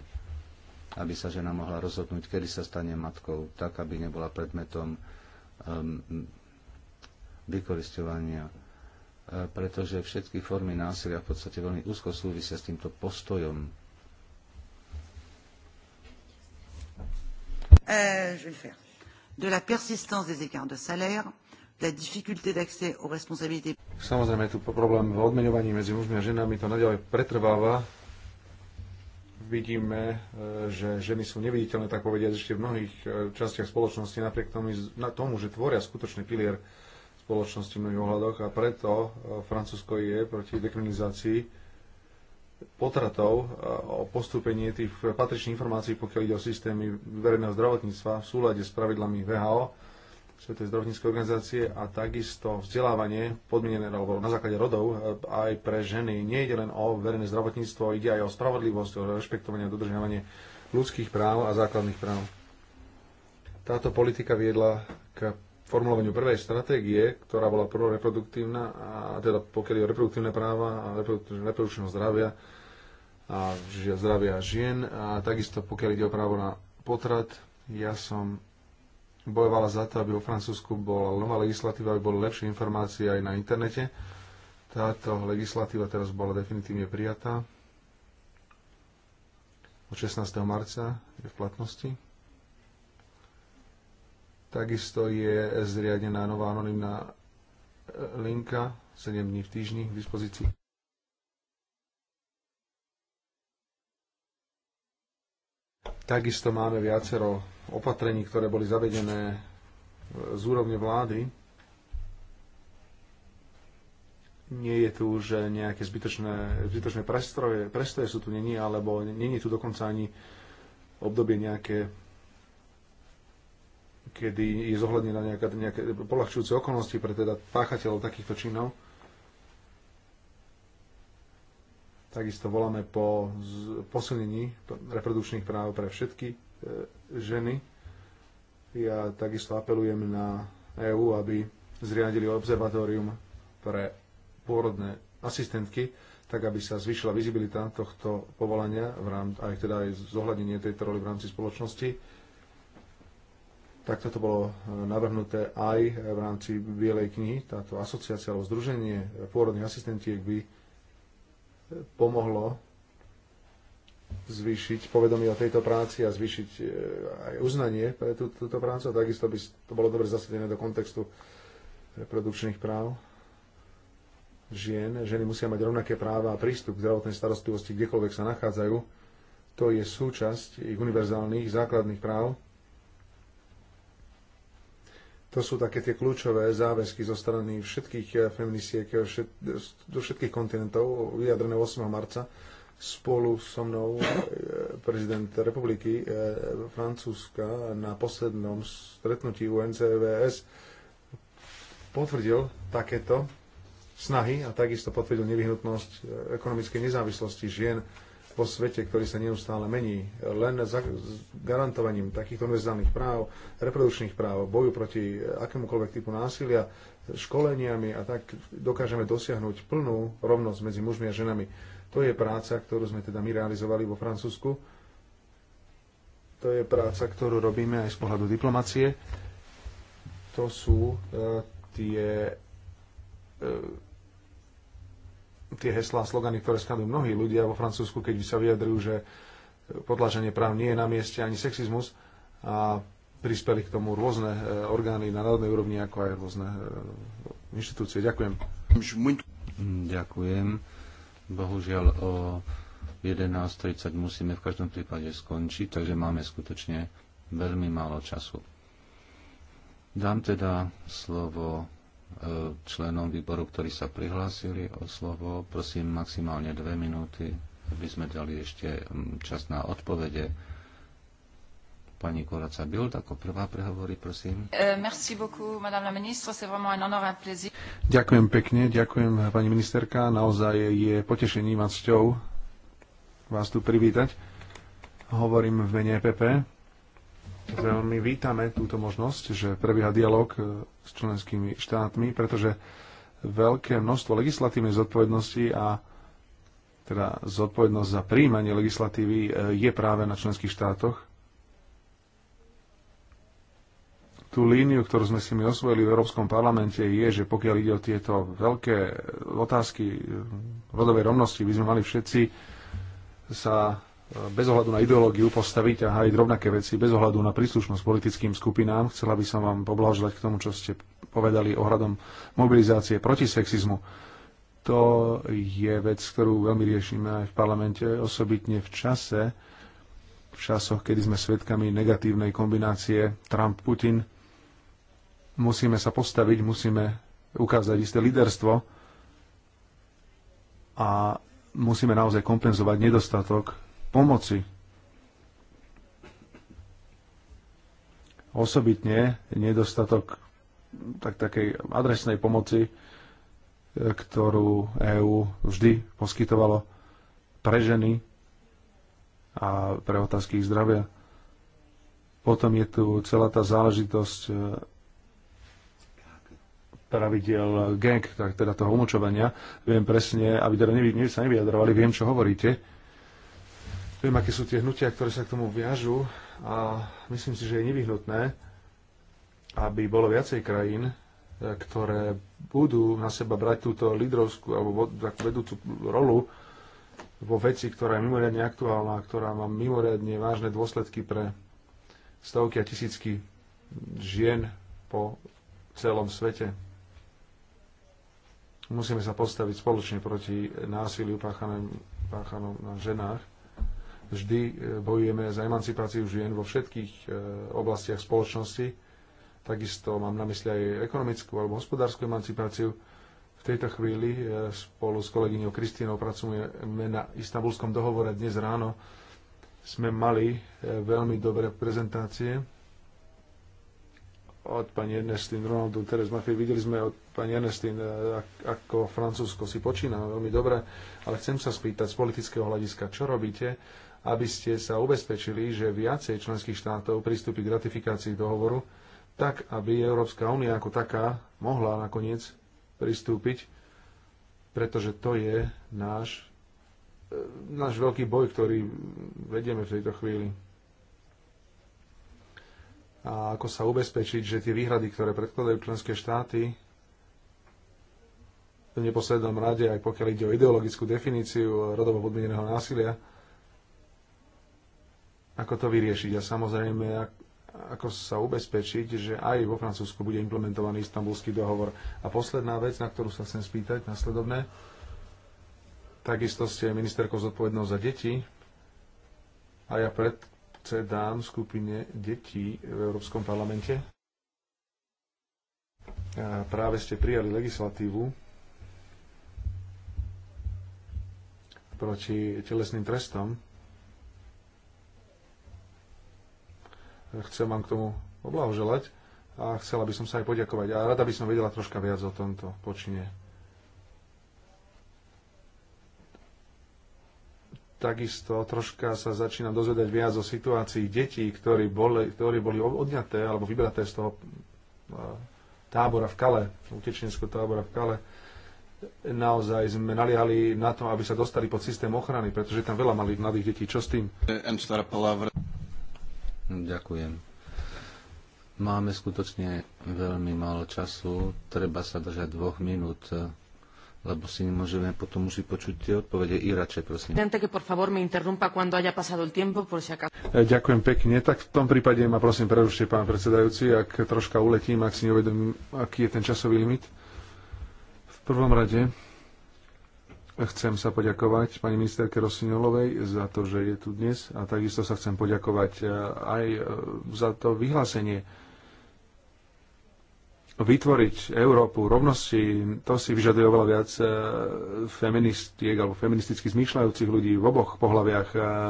aby sa žena mohla rozhodnúť, kedy sa stane matkou, tak, aby nebola predmetom um, vykoristovania. E, pretože všetky formy násilia v podstate veľmi úzko súvisia s týmto postojom. Euh, de la persistance des écarts de salaire, la difficulté d'accès aux responsabilités. Samozrejme, je tu problém v odmeňovaní medzi mužmi a ženami, to naďalej pretrváva vidíme, e, že ženy sú neviditeľné, tak povediať, ešte v mnohých e, častiach spoločnosti, napriek tomu, na tomu, že tvoria skutočný pilier spoločnosti v mnohých ohľadoch a preto e, Francúzsko je proti dekriminalizácii potratov o postúpenie tých patričných informácií, pokiaľ ide o systémy verejného zdravotníctva v súlade s pravidlami VHO Svetej zdravotníckej organizácie a takisto vzdelávanie podmienené alebo na základe rodov e, aj pre ženy. Nie ide len o verejné zdravotníctvo, ide aj o spravodlivosť, o rešpektovanie a dodržiavanie ľudských práv a základných práv. Táto politika viedla k formulovaniu prvej stratégie, ktorá bola proreproduktívna, a teda pokiaľ je o reproduktívne práva a reprodukčného zdravia a zdravia žien a takisto pokiaľ ide o právo na potrat, ja som bojovala za to, aby vo Francúzsku bola nová legislatíva, aby boli lepšie informácie aj na internete. Táto legislatíva teraz bola definitívne prijatá. Od 16. marca je v platnosti. Takisto je zriadená nová anonimná e, linka 7 dní v týždni k dispozícii. Takisto máme viacero opatrení, ktoré boli zavedené e, z úrovne vlády, nie je tu už nejaké zbytočné, zbytočné prestroje, prestroje sú tu není, alebo není tu dokonca ani obdobie nejaké, kedy je zohľadnená nejaká, nejaké polahčujúce okolnosti pre teda páchateľov takýchto činov. Takisto voláme po posilnení reprodukčných práv pre všetky E, ženy. Ja takisto apelujem na EÚ, aby zriadili observatórium pre pôrodné asistentky, tak aby sa zvyšila vizibilita tohto povolania, v rám, aj teda aj zohľadenie tejto roli v rámci spoločnosti. Takto toto bolo e, navrhnuté aj v rámci Bielej knihy. Táto asociácia alebo združenie pôrodných asistentiek by e, pomohlo zvýšiť povedomie o tejto práci a zvýšiť e, aj uznanie pre tú, túto prácu. A takisto by to bolo dobre zasadené do kontextu reprodukčných práv žien. Ženy musia mať rovnaké práva a prístup k zdravotnej starostlivosti, kdekoľvek sa nachádzajú. To je súčasť ich univerzálnych základných práv. To sú také tie kľúčové záväzky zo strany všetkých e, feministiek e, všet, do všetkých kontinentov, vyjadrené 8. marca spolu so mnou e, prezident republiky e, Francúzska na poslednom stretnutí UNCVS potvrdil takéto snahy a takisto potvrdil nevyhnutnosť e, ekonomickej nezávislosti žien vo svete, ktorý sa neustále mení. Len za garantovaním takýchto univerzálnych práv, reprodukčných práv, boju proti akémukoľvek typu násilia, školeniami a tak dokážeme dosiahnuť plnú rovnosť medzi mužmi a ženami to je práca, ktorú sme teda my realizovali vo Francúzsku. To je práca, ktorú robíme aj z pohľadu diplomacie. To sú uh, tie, uh, tie heslá a slogany, ktoré skladujú mnohí ľudia vo Francúzsku, keď sa vyjadrujú, že podlaženie práv nie je na mieste ani sexizmus. A prispeli k tomu rôzne e, orgány na národnej úrovni, ako aj rôzne inštitúcie. Ďakujem. Ďakujem. Bohužiaľ o 11.30 musíme v každom prípade skončiť, takže máme skutočne veľmi málo času. Dám teda slovo e, členom výboru, ktorí sa prihlásili o slovo. Prosím maximálne dve minúty, aby sme dali ešte čas na odpovede Pani Koraca Bild ako prvá prehovorí, prosím. E, merci beaucoup, madame la ministre, c'est vraiment un honor, un plaisir. Ďakujem pekne, ďakujem pani ministerka, naozaj je potešením a cťou vás tu privítať. Hovorím v mene EPP. Veľmi vítame túto možnosť, že prebieha dialog e, s členskými štátmi, pretože veľké množstvo legislatívnej zodpovednosti a teda zodpovednosť za príjmanie legislatívy e, je práve na členských štátoch tú líniu, ktorú sme si my osvojili v Európskom parlamente, je, že pokiaľ ide o tieto veľké otázky eh, rodovej rovnosti, by sme mali všetci sa eh, bez ohľadu na ideológiu postaviť a hájiť rovnaké veci, bez ohľadu na príslušnosť politickým skupinám. Chcela by som vám poblahoželať k tomu, čo ste povedali ohľadom mobilizácie proti sexizmu. To je vec, ktorú veľmi riešime aj v parlamente, osobitne v čase, v časoch, kedy sme svedkami negatívnej kombinácie Trump-Putin Musíme sa postaviť, musíme ukázať isté líderstvo a musíme naozaj kompenzovať nedostatok pomoci. Osobitne nedostatok tak, takej adresnej pomoci, e, ktorú EÚ vždy poskytovalo pre ženy a pre otázky ich zdravia. Potom je tu celá tá záležitosť e, pravidel gang, tak teda toho umočovania. Viem presne, aby teda nevy, nevy, sa nevyjadrovali, viem, čo hovoríte. Viem, aké sú tie hnutia, ktoré sa k tomu viažu a myslím si, že je nevyhnutné, aby bolo viacej krajín, e, ktoré budú na seba brať túto lídrovskú alebo vedúcu rolu vo veci, ktorá je mimoriadne aktuálna, ktorá má mimoriadne vážne dôsledky pre stovky a tisícky žien po celom svete. Musíme sa postaviť spoločne proti násiliu páchanom na ženách. Vždy e, bojujeme za emancipáciu žien vo všetkých e, oblastiach spoločnosti. Takisto mám na mysli aj ekonomickú alebo hospodárskú emancipáciu. V tejto chvíli e, spolu s kolegyňou Kristínou pracujeme na istambulskom dohovore dnes ráno. Sme mali veľmi dobré prezentácie od pani Ernestin Ronaldu, Teres Mafie. Videli sme od pani Ernestine, e, ako Francúzsko si počína veľmi dobre, ale chcem sa spýtať z politického hľadiska, čo robíte, aby ste sa ubezpečili, že viacej členských štátov pristúpi k ratifikácii dohovoru, tak aby Európska únia ako taká mohla nakoniec pristúpiť, pretože to je náš, e, náš veľký boj, ktorý vedieme v tejto chvíli a ako sa ubezpečiť, že tie výhrady, ktoré predkladajú členské štáty, v neposlednom rade, aj pokiaľ ide o ideologickú definíciu rodovo podmieneného násilia, ako to vyriešiť a samozrejme, ako sa ubezpečiť, že aj vo Francúzsku bude implementovaný istambulský dohovor. A posledná vec, na ktorú sa chcem spýtať, nasledovné. Takisto ste ministerkou zodpovednou za deti a ja pred, dám skupine detí v Európskom parlamente. A práve ste prijali legislatívu proti telesným trestom. Chcem vám k tomu oblahoželať a chcela by som sa aj poďakovať. A rada by som vedela troška viac o tomto počine. takisto troška sa začína dozvedať viac o situácii detí, ktorí boli, ktorí boli odňaté alebo vybraté z toho e, tábora v Kale, utečenského tábora v Kale. Naozaj sme naliali na to, aby sa dostali pod systém ochrany, pretože tam veľa malých mladých detí. Čo s tým? No, ďakujem. Máme skutočne veľmi málo času. Treba sa držať dvoch minút lebo si nemôžeme potom už vypočuť tie odpovede. radšej, prosím. Ďakujem pekne. Tak v tom prípade ma prosím prerušte, pán predsedajúci, ak troška uletím, ak si neuvedomím, aký je ten časový limit. V prvom rade chcem sa poďakovať pani ministerke Rosiňolovej za to, že je tu dnes a takisto sa chcem poďakovať e, aj e, za to vyhlásenie, vytvoriť Európu rovnosti, to si vyžaduje oveľa viac eh, feministiek alebo feministicky zmýšľajúcich ľudí v oboch pohľaviach,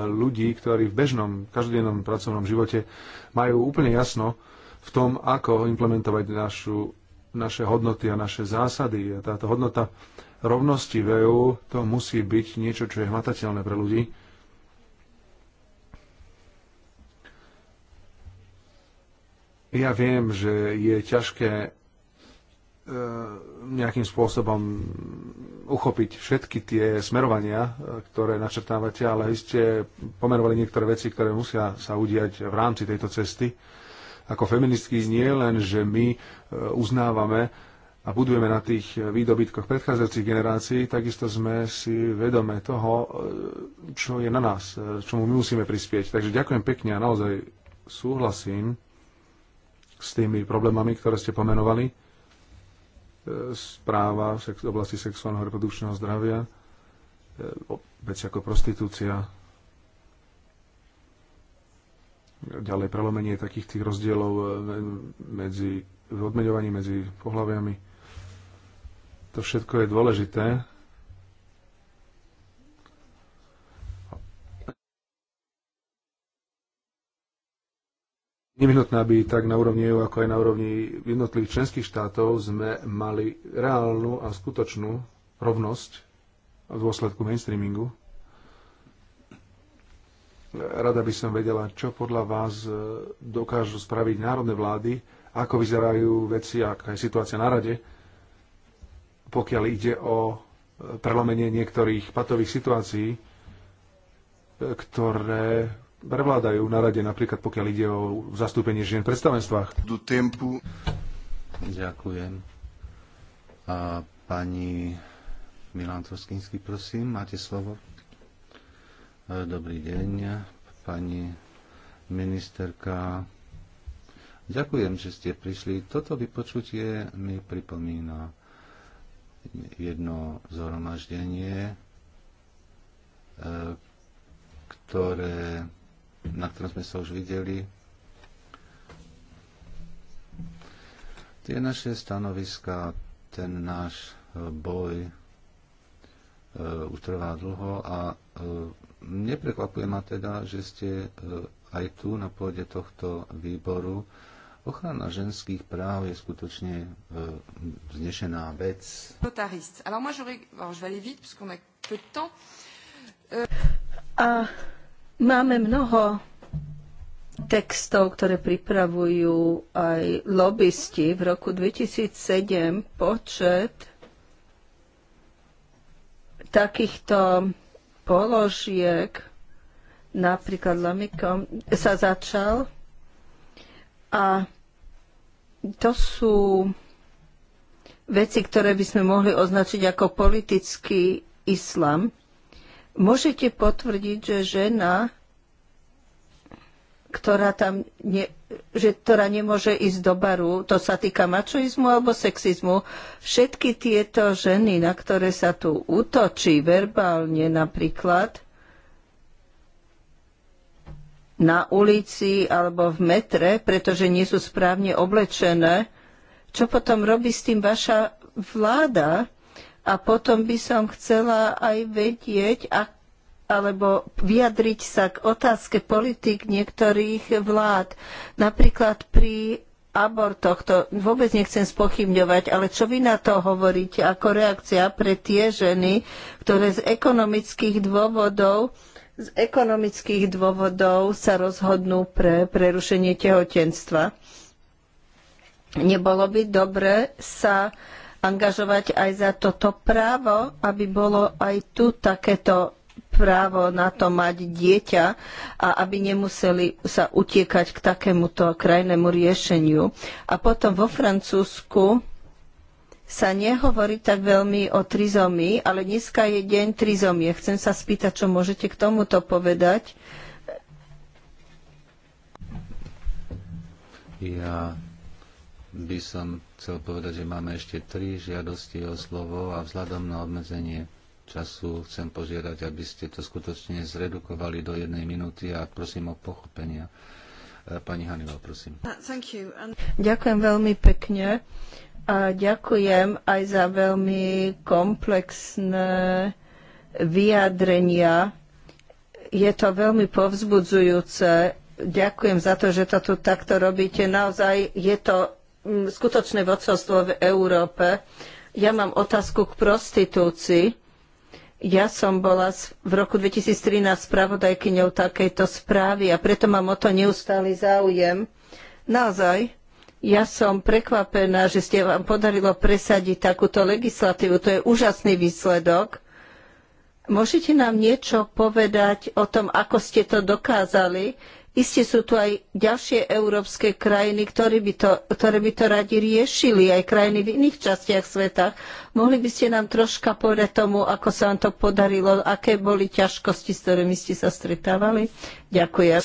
ľudí, ktorí v bežnom, každodennom pracovnom živote majú úplne jasno v tom, ako implementovať našu, naše hodnoty a naše zásady. Táto hodnota rovnosti v EU to musí byť niečo, čo je hmatateľné pre ľudí Ja viem, že je ťažké e, nejakým spôsobom uchopiť všetky tie smerovania, e, ktoré načrtávate, ale vy ste pomerovali niektoré veci, ktoré musia sa udiať v rámci tejto cesty. Ako feministky nie len, že my e, uznávame a budujeme na tých výdobytkoch predchádzajúcich generácií, takisto sme si vedome toho, čo je na nás, čomu my musíme prispieť. Takže ďakujem pekne a naozaj súhlasím s tými problémami, ktoré ste pomenovali. E, správa v oblasti sexuálneho reprodukčného zdravia, e, veci ako prostitúcia, ďalej prelomenie takých tých rozdielov e, medzi v odmeňovaní medzi pohľaviami. To všetko je dôležité nevyhnutné, aby tak na úrovni EU, ako aj na úrovni jednotlivých členských štátov sme mali reálnu a skutočnú rovnosť v dôsledku mainstreamingu. Rada by som vedela, čo podľa vás e, dokážu spraviť národné vlády, ako vyzerajú veci, aká je situácia na rade, pokiaľ ide o e, prelomenie niektorých patových situácií, e, ktoré prevládajú na rade, napríklad pokiaľ ide o zastúpenie žien v predstavenstvách. Do tempu. Ďakujem. A pani Milan Troskinsky, prosím, máte slovo. E, dobrý deň, pani ministerka. Ďakujem, že ste prišli. Toto vypočutie mi pripomína jedno zhromaždenie, e, ktoré na ktorom sme sa už videli. Tie naše stanoviska, ten náš e, boj uh, už trvá dlho a uh, neprekvapuje ma teda, že ste uh, aj tu na pôde tohto výboru. Ochrana ženských práv je skutočne uh, vznešená vec. Alors moi, je vite, A Máme mnoho textov, ktoré pripravujú aj lobbysti. V roku 2007 počet takýchto položiek, napríklad Lamikom, sa začal a to sú veci, ktoré by sme mohli označiť ako politický islam. Môžete potvrdiť, že žena, ktorá, tam ne, že, ktorá nemôže ísť do baru, to sa týka mačoizmu alebo sexizmu, všetky tieto ženy, na ktoré sa tu útočí verbálne napríklad, na ulici alebo v metre, pretože nie sú správne oblečené, čo potom robí s tým vaša vláda? A potom by som chcela aj vedieť, ak, alebo vyjadriť sa k otázke politik niektorých vlád. Napríklad pri abortoch, to vôbec nechcem spochybňovať, ale čo vy na to hovoríte ako reakcia pre tie ženy, ktoré z ekonomických dôvodov z ekonomických dôvodov sa rozhodnú pre prerušenie tehotenstva. Nebolo by dobre sa angažovať aj za toto právo, aby bolo aj tu takéto právo na to mať dieťa a aby nemuseli sa utiekať k takémuto krajnému riešeniu. A potom vo Francúzsku sa nehovorí tak veľmi o trizomii, ale dneska je deň trizomie. Chcem sa spýtať, čo môžete k tomuto povedať. Ja by som chcel povedať, že máme ešte tri žiadosti o slovo a vzhľadom na obmedzenie času chcem požiadať, aby ste to skutočne zredukovali do jednej minúty a prosím o pochopenia. E, pani Hanival, prosím. Uh, ďakujem veľmi pekne a ďakujem aj za veľmi komplexné vyjadrenia. Je to veľmi povzbudzujúce Ďakujem za to, že to tu takto robíte. Naozaj je to skutočné vodcovstvo v Európe. Ja mám otázku k prostitúcii. Ja som bola v roku 2013 spravodajkyňou takejto správy a preto mám o to neustály záujem. Naozaj, ja som prekvapená, že ste vám podarilo presadiť takúto legislatívu. To je úžasný výsledok. Môžete nám niečo povedať o tom, ako ste to dokázali? Isté sú tu aj ďalšie európske krajiny, ktoré by, to, ktoré by to radi riešili, aj krajiny v iných častiach sveta. Mohli by ste nám troška povedať tomu, ako sa vám to podarilo, aké boli ťažkosti, s ktorými ste sa stretávali? Ďakujem.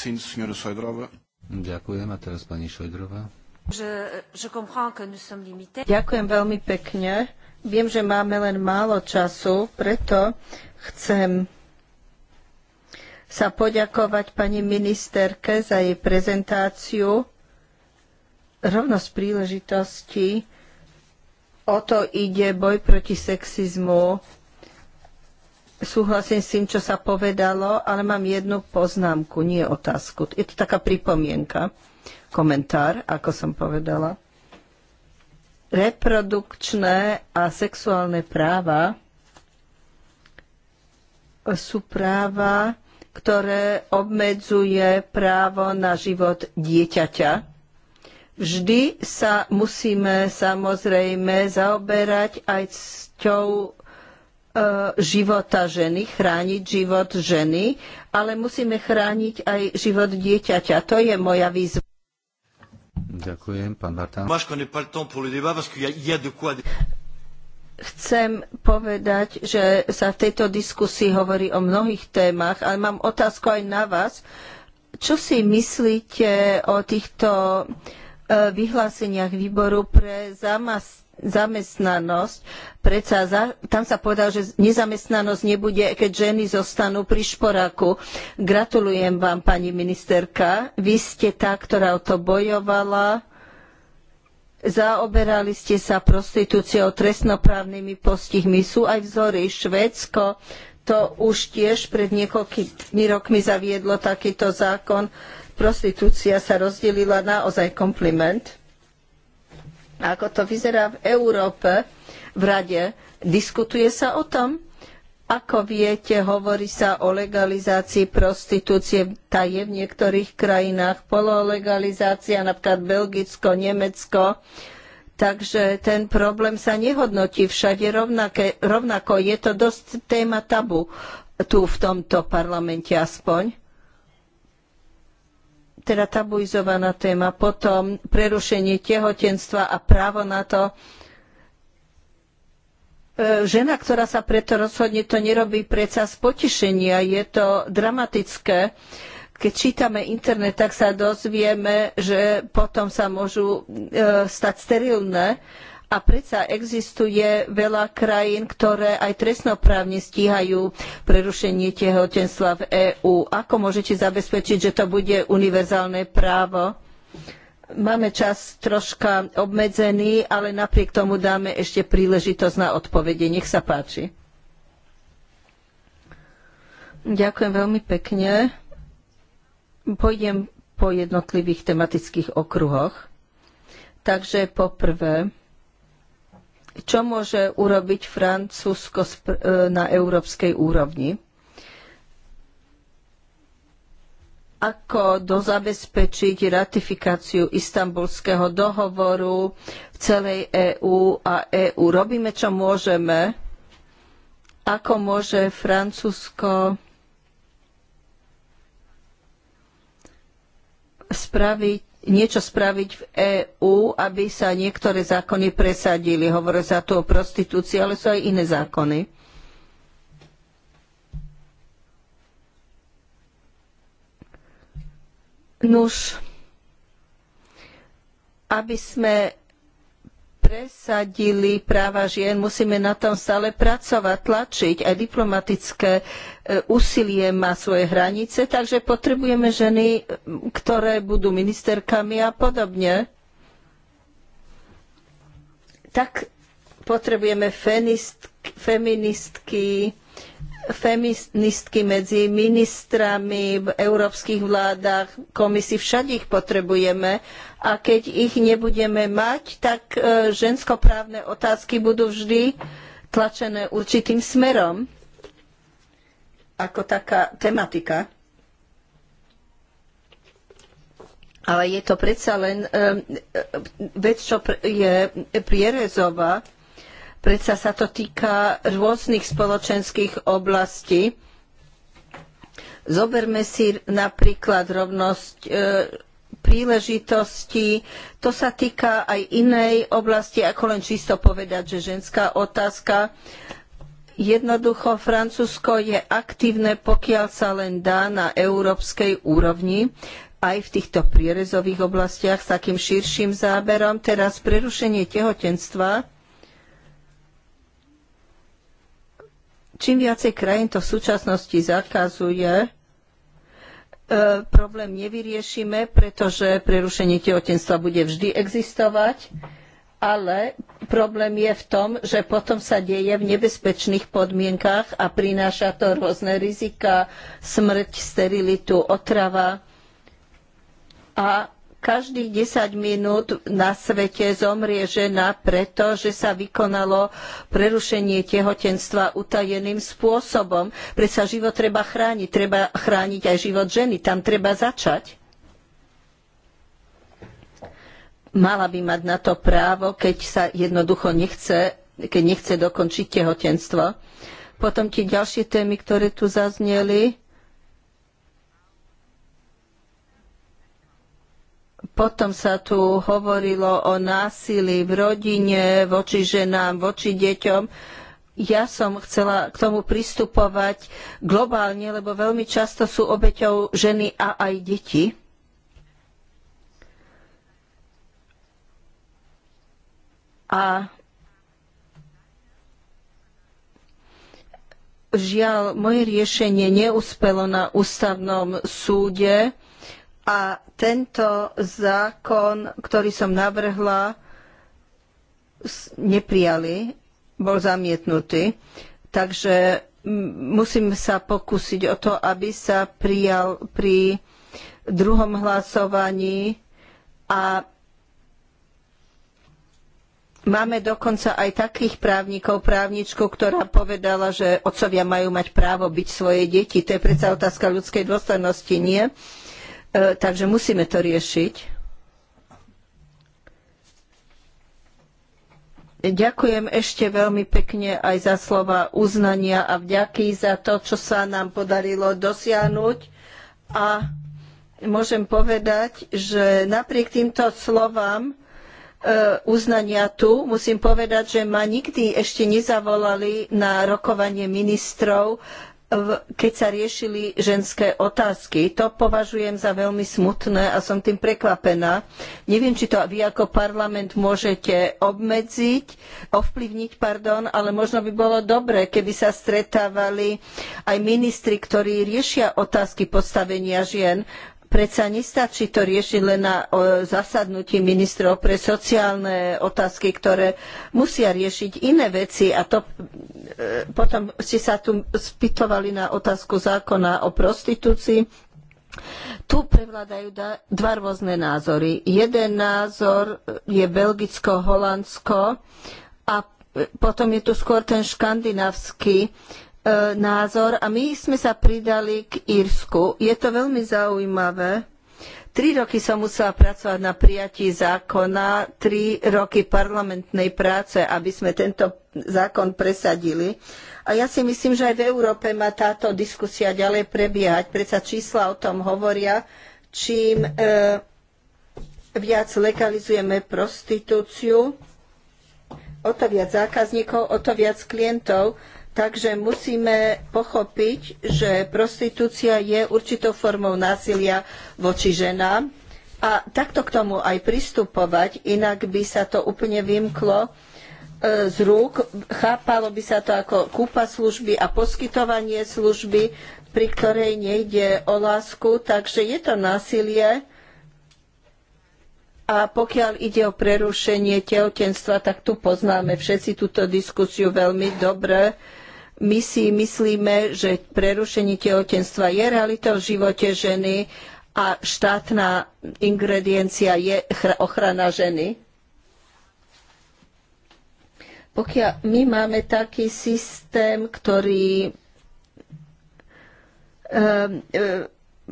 Ďakujem a teraz pani Ďakujem veľmi pekne. Viem, že máme len málo času, preto chcem sa poďakovať pani ministerke za jej prezentáciu. Rovno z príležitosti o to ide boj proti sexizmu. Súhlasím s tým, čo sa povedalo, ale mám jednu poznámku, nie otázku. Je to taká pripomienka, komentár, ako som povedala. Reprodukčné a sexuálne práva sú práva, ktoré obmedzuje právo na život dieťaťa. Vždy sa musíme samozrejme zaoberať aj s ťou e, života ženy, chrániť život ženy, ale musíme chrániť aj život dieťaťa. To je moja výzva. Ďakujem, pán Bartán chcem povedať, že sa v tejto diskusii hovorí o mnohých témach, ale mám otázku aj na vás. Čo si myslíte o týchto e, vyhláseniach výboru pre zamestnanosť? Predsa za, tam sa povedal, že nezamestnanosť nebude, keď ženy zostanú pri šporáku. Gratulujem vám, pani ministerka. Vy ste tá, ktorá o to bojovala Zaoberali ste sa prostitúciou, trestnoprávnymi postihmi. Sú aj vzory. Švédsko to už tiež pred niekoľkými rokmi zaviedlo takýto zákon. Prostitúcia sa rozdelila naozaj kompliment. Ako to vyzerá v Európe, v Rade, diskutuje sa o tom? Ako viete, hovorí sa o legalizácii prostitúcie, tá je v niektorých krajinách pololegalizácia, napríklad Belgicko, Nemecko. Takže ten problém sa nehodnotí všade rovnaké, rovnako. Je to dosť téma tabu tu v tomto parlamente aspoň teda tabuizovaná téma, potom prerušenie tehotenstva a právo na to, E, žena, ktorá sa preto rozhodne, to nerobí predsa z potešenia. Je to dramatické. Keď čítame internet, tak sa dozvieme, že potom sa môžu e, stať sterilné. A predsa existuje veľa krajín, ktoré aj trestnoprávne stíhajú prerušenie tehotenstva v EÚ. Ako môžete zabezpečiť, že to bude univerzálne právo? Máme čas troška obmedzený, ale napriek tomu dáme ešte príležitosť na odpovede. Nech sa páči. Ďakujem veľmi pekne. Pôjdem po jednotlivých tematických okruhoch. Takže poprvé, čo môže urobiť Francúzsko e, na európskej úrovni? ako dozabezpečiť ratifikáciu istambulského dohovoru v celej EÚ a EÚ. Robíme, čo môžeme. Ako môže Francúzsko spraviť niečo spraviť v EÚ, aby sa niektoré zákony presadili. Hovorí sa tu o prostitúcii, ale sú aj iné zákony. Nuž, aby sme presadili práva žien, musíme na tom stále pracovať, tlačiť. Aj diplomatické e, úsilie má svoje hranice, takže potrebujeme ženy, ktoré budú ministerkami a podobne. Tak potrebujeme feministky, feministky feministky medzi ministrami v európskych vládach, komisii, všade ich potrebujeme a keď ich nebudeme mať, tak e, ženskoprávne otázky budú vždy tlačené určitým smerom ako taká tematika. Ale je to predsa len e, e, vec, čo je prierezová Predsa sa to týka rôznych spoločenských oblastí. Zoberme si napríklad rovnosť e, príležitostí. To sa týka aj inej oblasti, ako len čisto povedať, že ženská otázka. Jednoducho Francúzsko je aktívne, pokiaľ sa len dá na európskej úrovni aj v týchto prierezových oblastiach s takým širším záberom. Teraz prerušenie tehotenstva Čím viacej krajín to v súčasnosti zakazuje, e, problém nevyriešime, pretože prerušenie tehotenstva bude vždy existovať, ale problém je v tom, že potom sa deje v nebezpečných podmienkach a prináša to rôzne rizika, smrť, sterilitu, otrava. A Každých 10 minút na svete zomrie žena preto, že sa vykonalo prerušenie tehotenstva utajeným spôsobom. Predsa život treba chrániť, treba chrániť aj život ženy, tam treba začať. Mala by mať na to právo, keď sa jednoducho nechce, keď nechce dokončiť tehotenstvo. Potom tie ďalšie témy, ktoré tu zazneli, Potom sa tu hovorilo o násilí v rodine, voči ženám, voči deťom. Ja som chcela k tomu pristupovať globálne, lebo veľmi často sú obeťou ženy a aj deti. A žiaľ, moje riešenie neúspelo na ústavnom súde a tento zákon, ktorý som navrhla, neprijali, bol zamietnutý. Takže musím sa pokúsiť o to, aby sa prijal pri druhom hlasovaní a Máme dokonca aj takých právnikov, právničku, ktorá povedala, že otcovia majú mať právo byť svoje deti. To je predsa otázka ľudskej dôstojnosti, nie? E, takže musíme to riešiť. Ďakujem ešte veľmi pekne aj za slova uznania a vďaky za to, čo sa nám podarilo dosiahnuť. A môžem povedať, že napriek týmto slovám e, uznania tu, musím povedať, že ma nikdy ešte nezavolali na rokovanie ministrov keď sa riešili ženské otázky. To považujem za veľmi smutné a som tým prekvapená. Neviem, či to vy ako parlament môžete obmedziť, ovplyvniť, pardon, ale možno by bolo dobre, keby sa stretávali aj ministri, ktorí riešia otázky postavenia žien. Predsa nestačí to riešiť len na zasadnutí ministrov pre sociálne otázky, ktoré musia riešiť iné veci. A to e, potom ste sa tu spýtovali na otázku zákona o prostitúcii. Tu prevládajú dva rôzne názory. Jeden názor je Belgicko-Holandsko a e, potom je tu skôr ten škandinávsky E, názor a my sme sa pridali k Írsku. Je to veľmi zaujímavé. Tri roky som musela pracovať na prijatí zákona, tri roky parlamentnej práce, aby sme tento zákon presadili. A ja si myslím, že aj v Európe má táto diskusia ďalej prebiehať. Predsa čísla o tom hovoria, čím e, viac legalizujeme prostitúciu, o to viac zákazníkov, o to viac klientov. Takže musíme pochopiť, že prostitúcia je určitou formou násilia voči ženám a takto k tomu aj pristupovať, inak by sa to úplne vymklo e, z rúk, chápalo by sa to ako kúpa služby a poskytovanie služby, pri ktorej nejde o lásku, takže je to násilie, a pokiaľ ide o prerušenie tehotenstva, tak tu poznáme všetci túto diskusiu veľmi dobre. My si myslíme, že prerušenie tehotenstva je realitou v živote ženy a štátna ingrediencia je ochrana ženy. Pokiaľ my máme taký systém, ktorý um, um,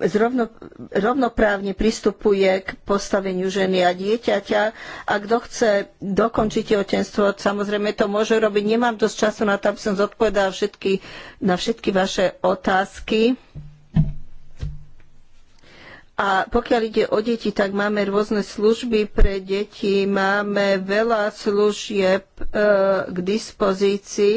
zrovno, rovnoprávne pristupuje k postaveniu ženy a dieťaťa a kto chce dokončiť tehotenstvo, samozrejme to môže robiť. Nemám dosť času na to, aby som zodpovedala všetky, na všetky vaše otázky. A pokiaľ ide o deti, tak máme rôzne služby pre deti, máme veľa služieb e, k dispozícii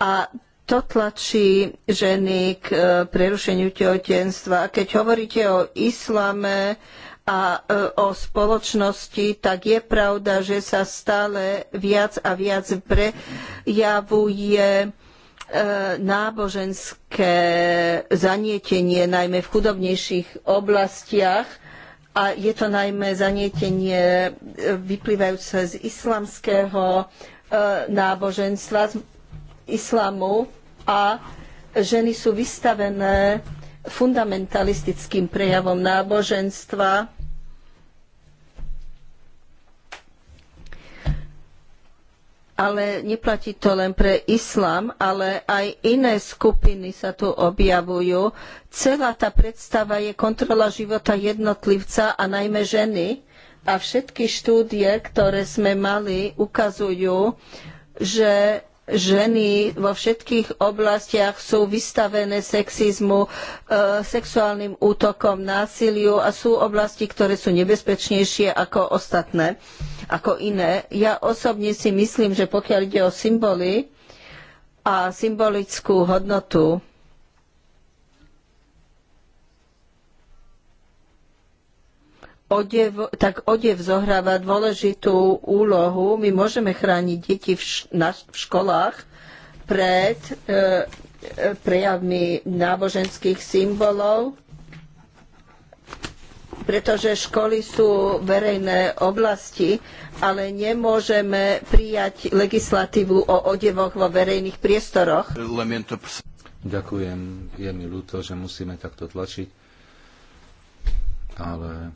a to tlačí ženy k e, prerušeniu tehotenstva. Keď hovoríte o islame a e, o spoločnosti, tak je pravda, že sa stále viac a viac prejavuje e, náboženské zanietenie, najmä v chudobnejších oblastiach. A je to najmä zanietenie vyplývajúce z islamského náboženstva, islamu a ženy sú vystavené fundamentalistickým prejavom náboženstva. Ale neplatí to len pre islám, ale aj iné skupiny sa tu objavujú. Celá tá predstava je kontrola života jednotlivca a najmä ženy. A všetky štúdie, ktoré sme mali, ukazujú, že ženy vo všetkých oblastiach sú vystavené sexizmu, e, sexuálnym útokom, násiliu a sú oblasti, ktoré sú nebezpečnejšie ako ostatné, ako iné. Ja osobne si myslím, že pokiaľ ide o symboly a symbolickú hodnotu, odev, tak odev zohráva dôležitú úlohu. My môžeme chrániť deti v, š- na, v školách pred e, e, prejavmi náboženských symbolov, pretože školy sú verejné oblasti, ale nemôžeme prijať legislatívu o odevoch vo verejných priestoroch. Ďakujem, je mi ľúto, že musíme takto tlačiť, ale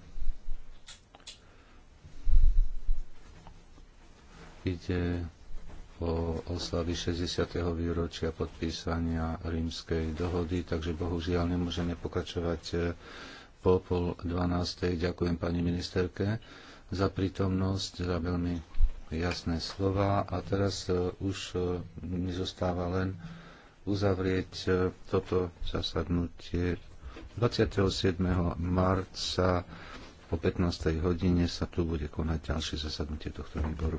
ide o oslavy 60. výročia podpísania rímskej dohody, takže bohužiaľ nemôžeme pokračovať e, po pol dvanástej. Ďakujem pani ministerke za prítomnosť, za veľmi jasné slova a teraz e, už e, mi zostáva len uzavrieť toto zasadnutie 27. marca o 15. hodine sa tu bude konať ďalšie zasadnutie tohto výboru.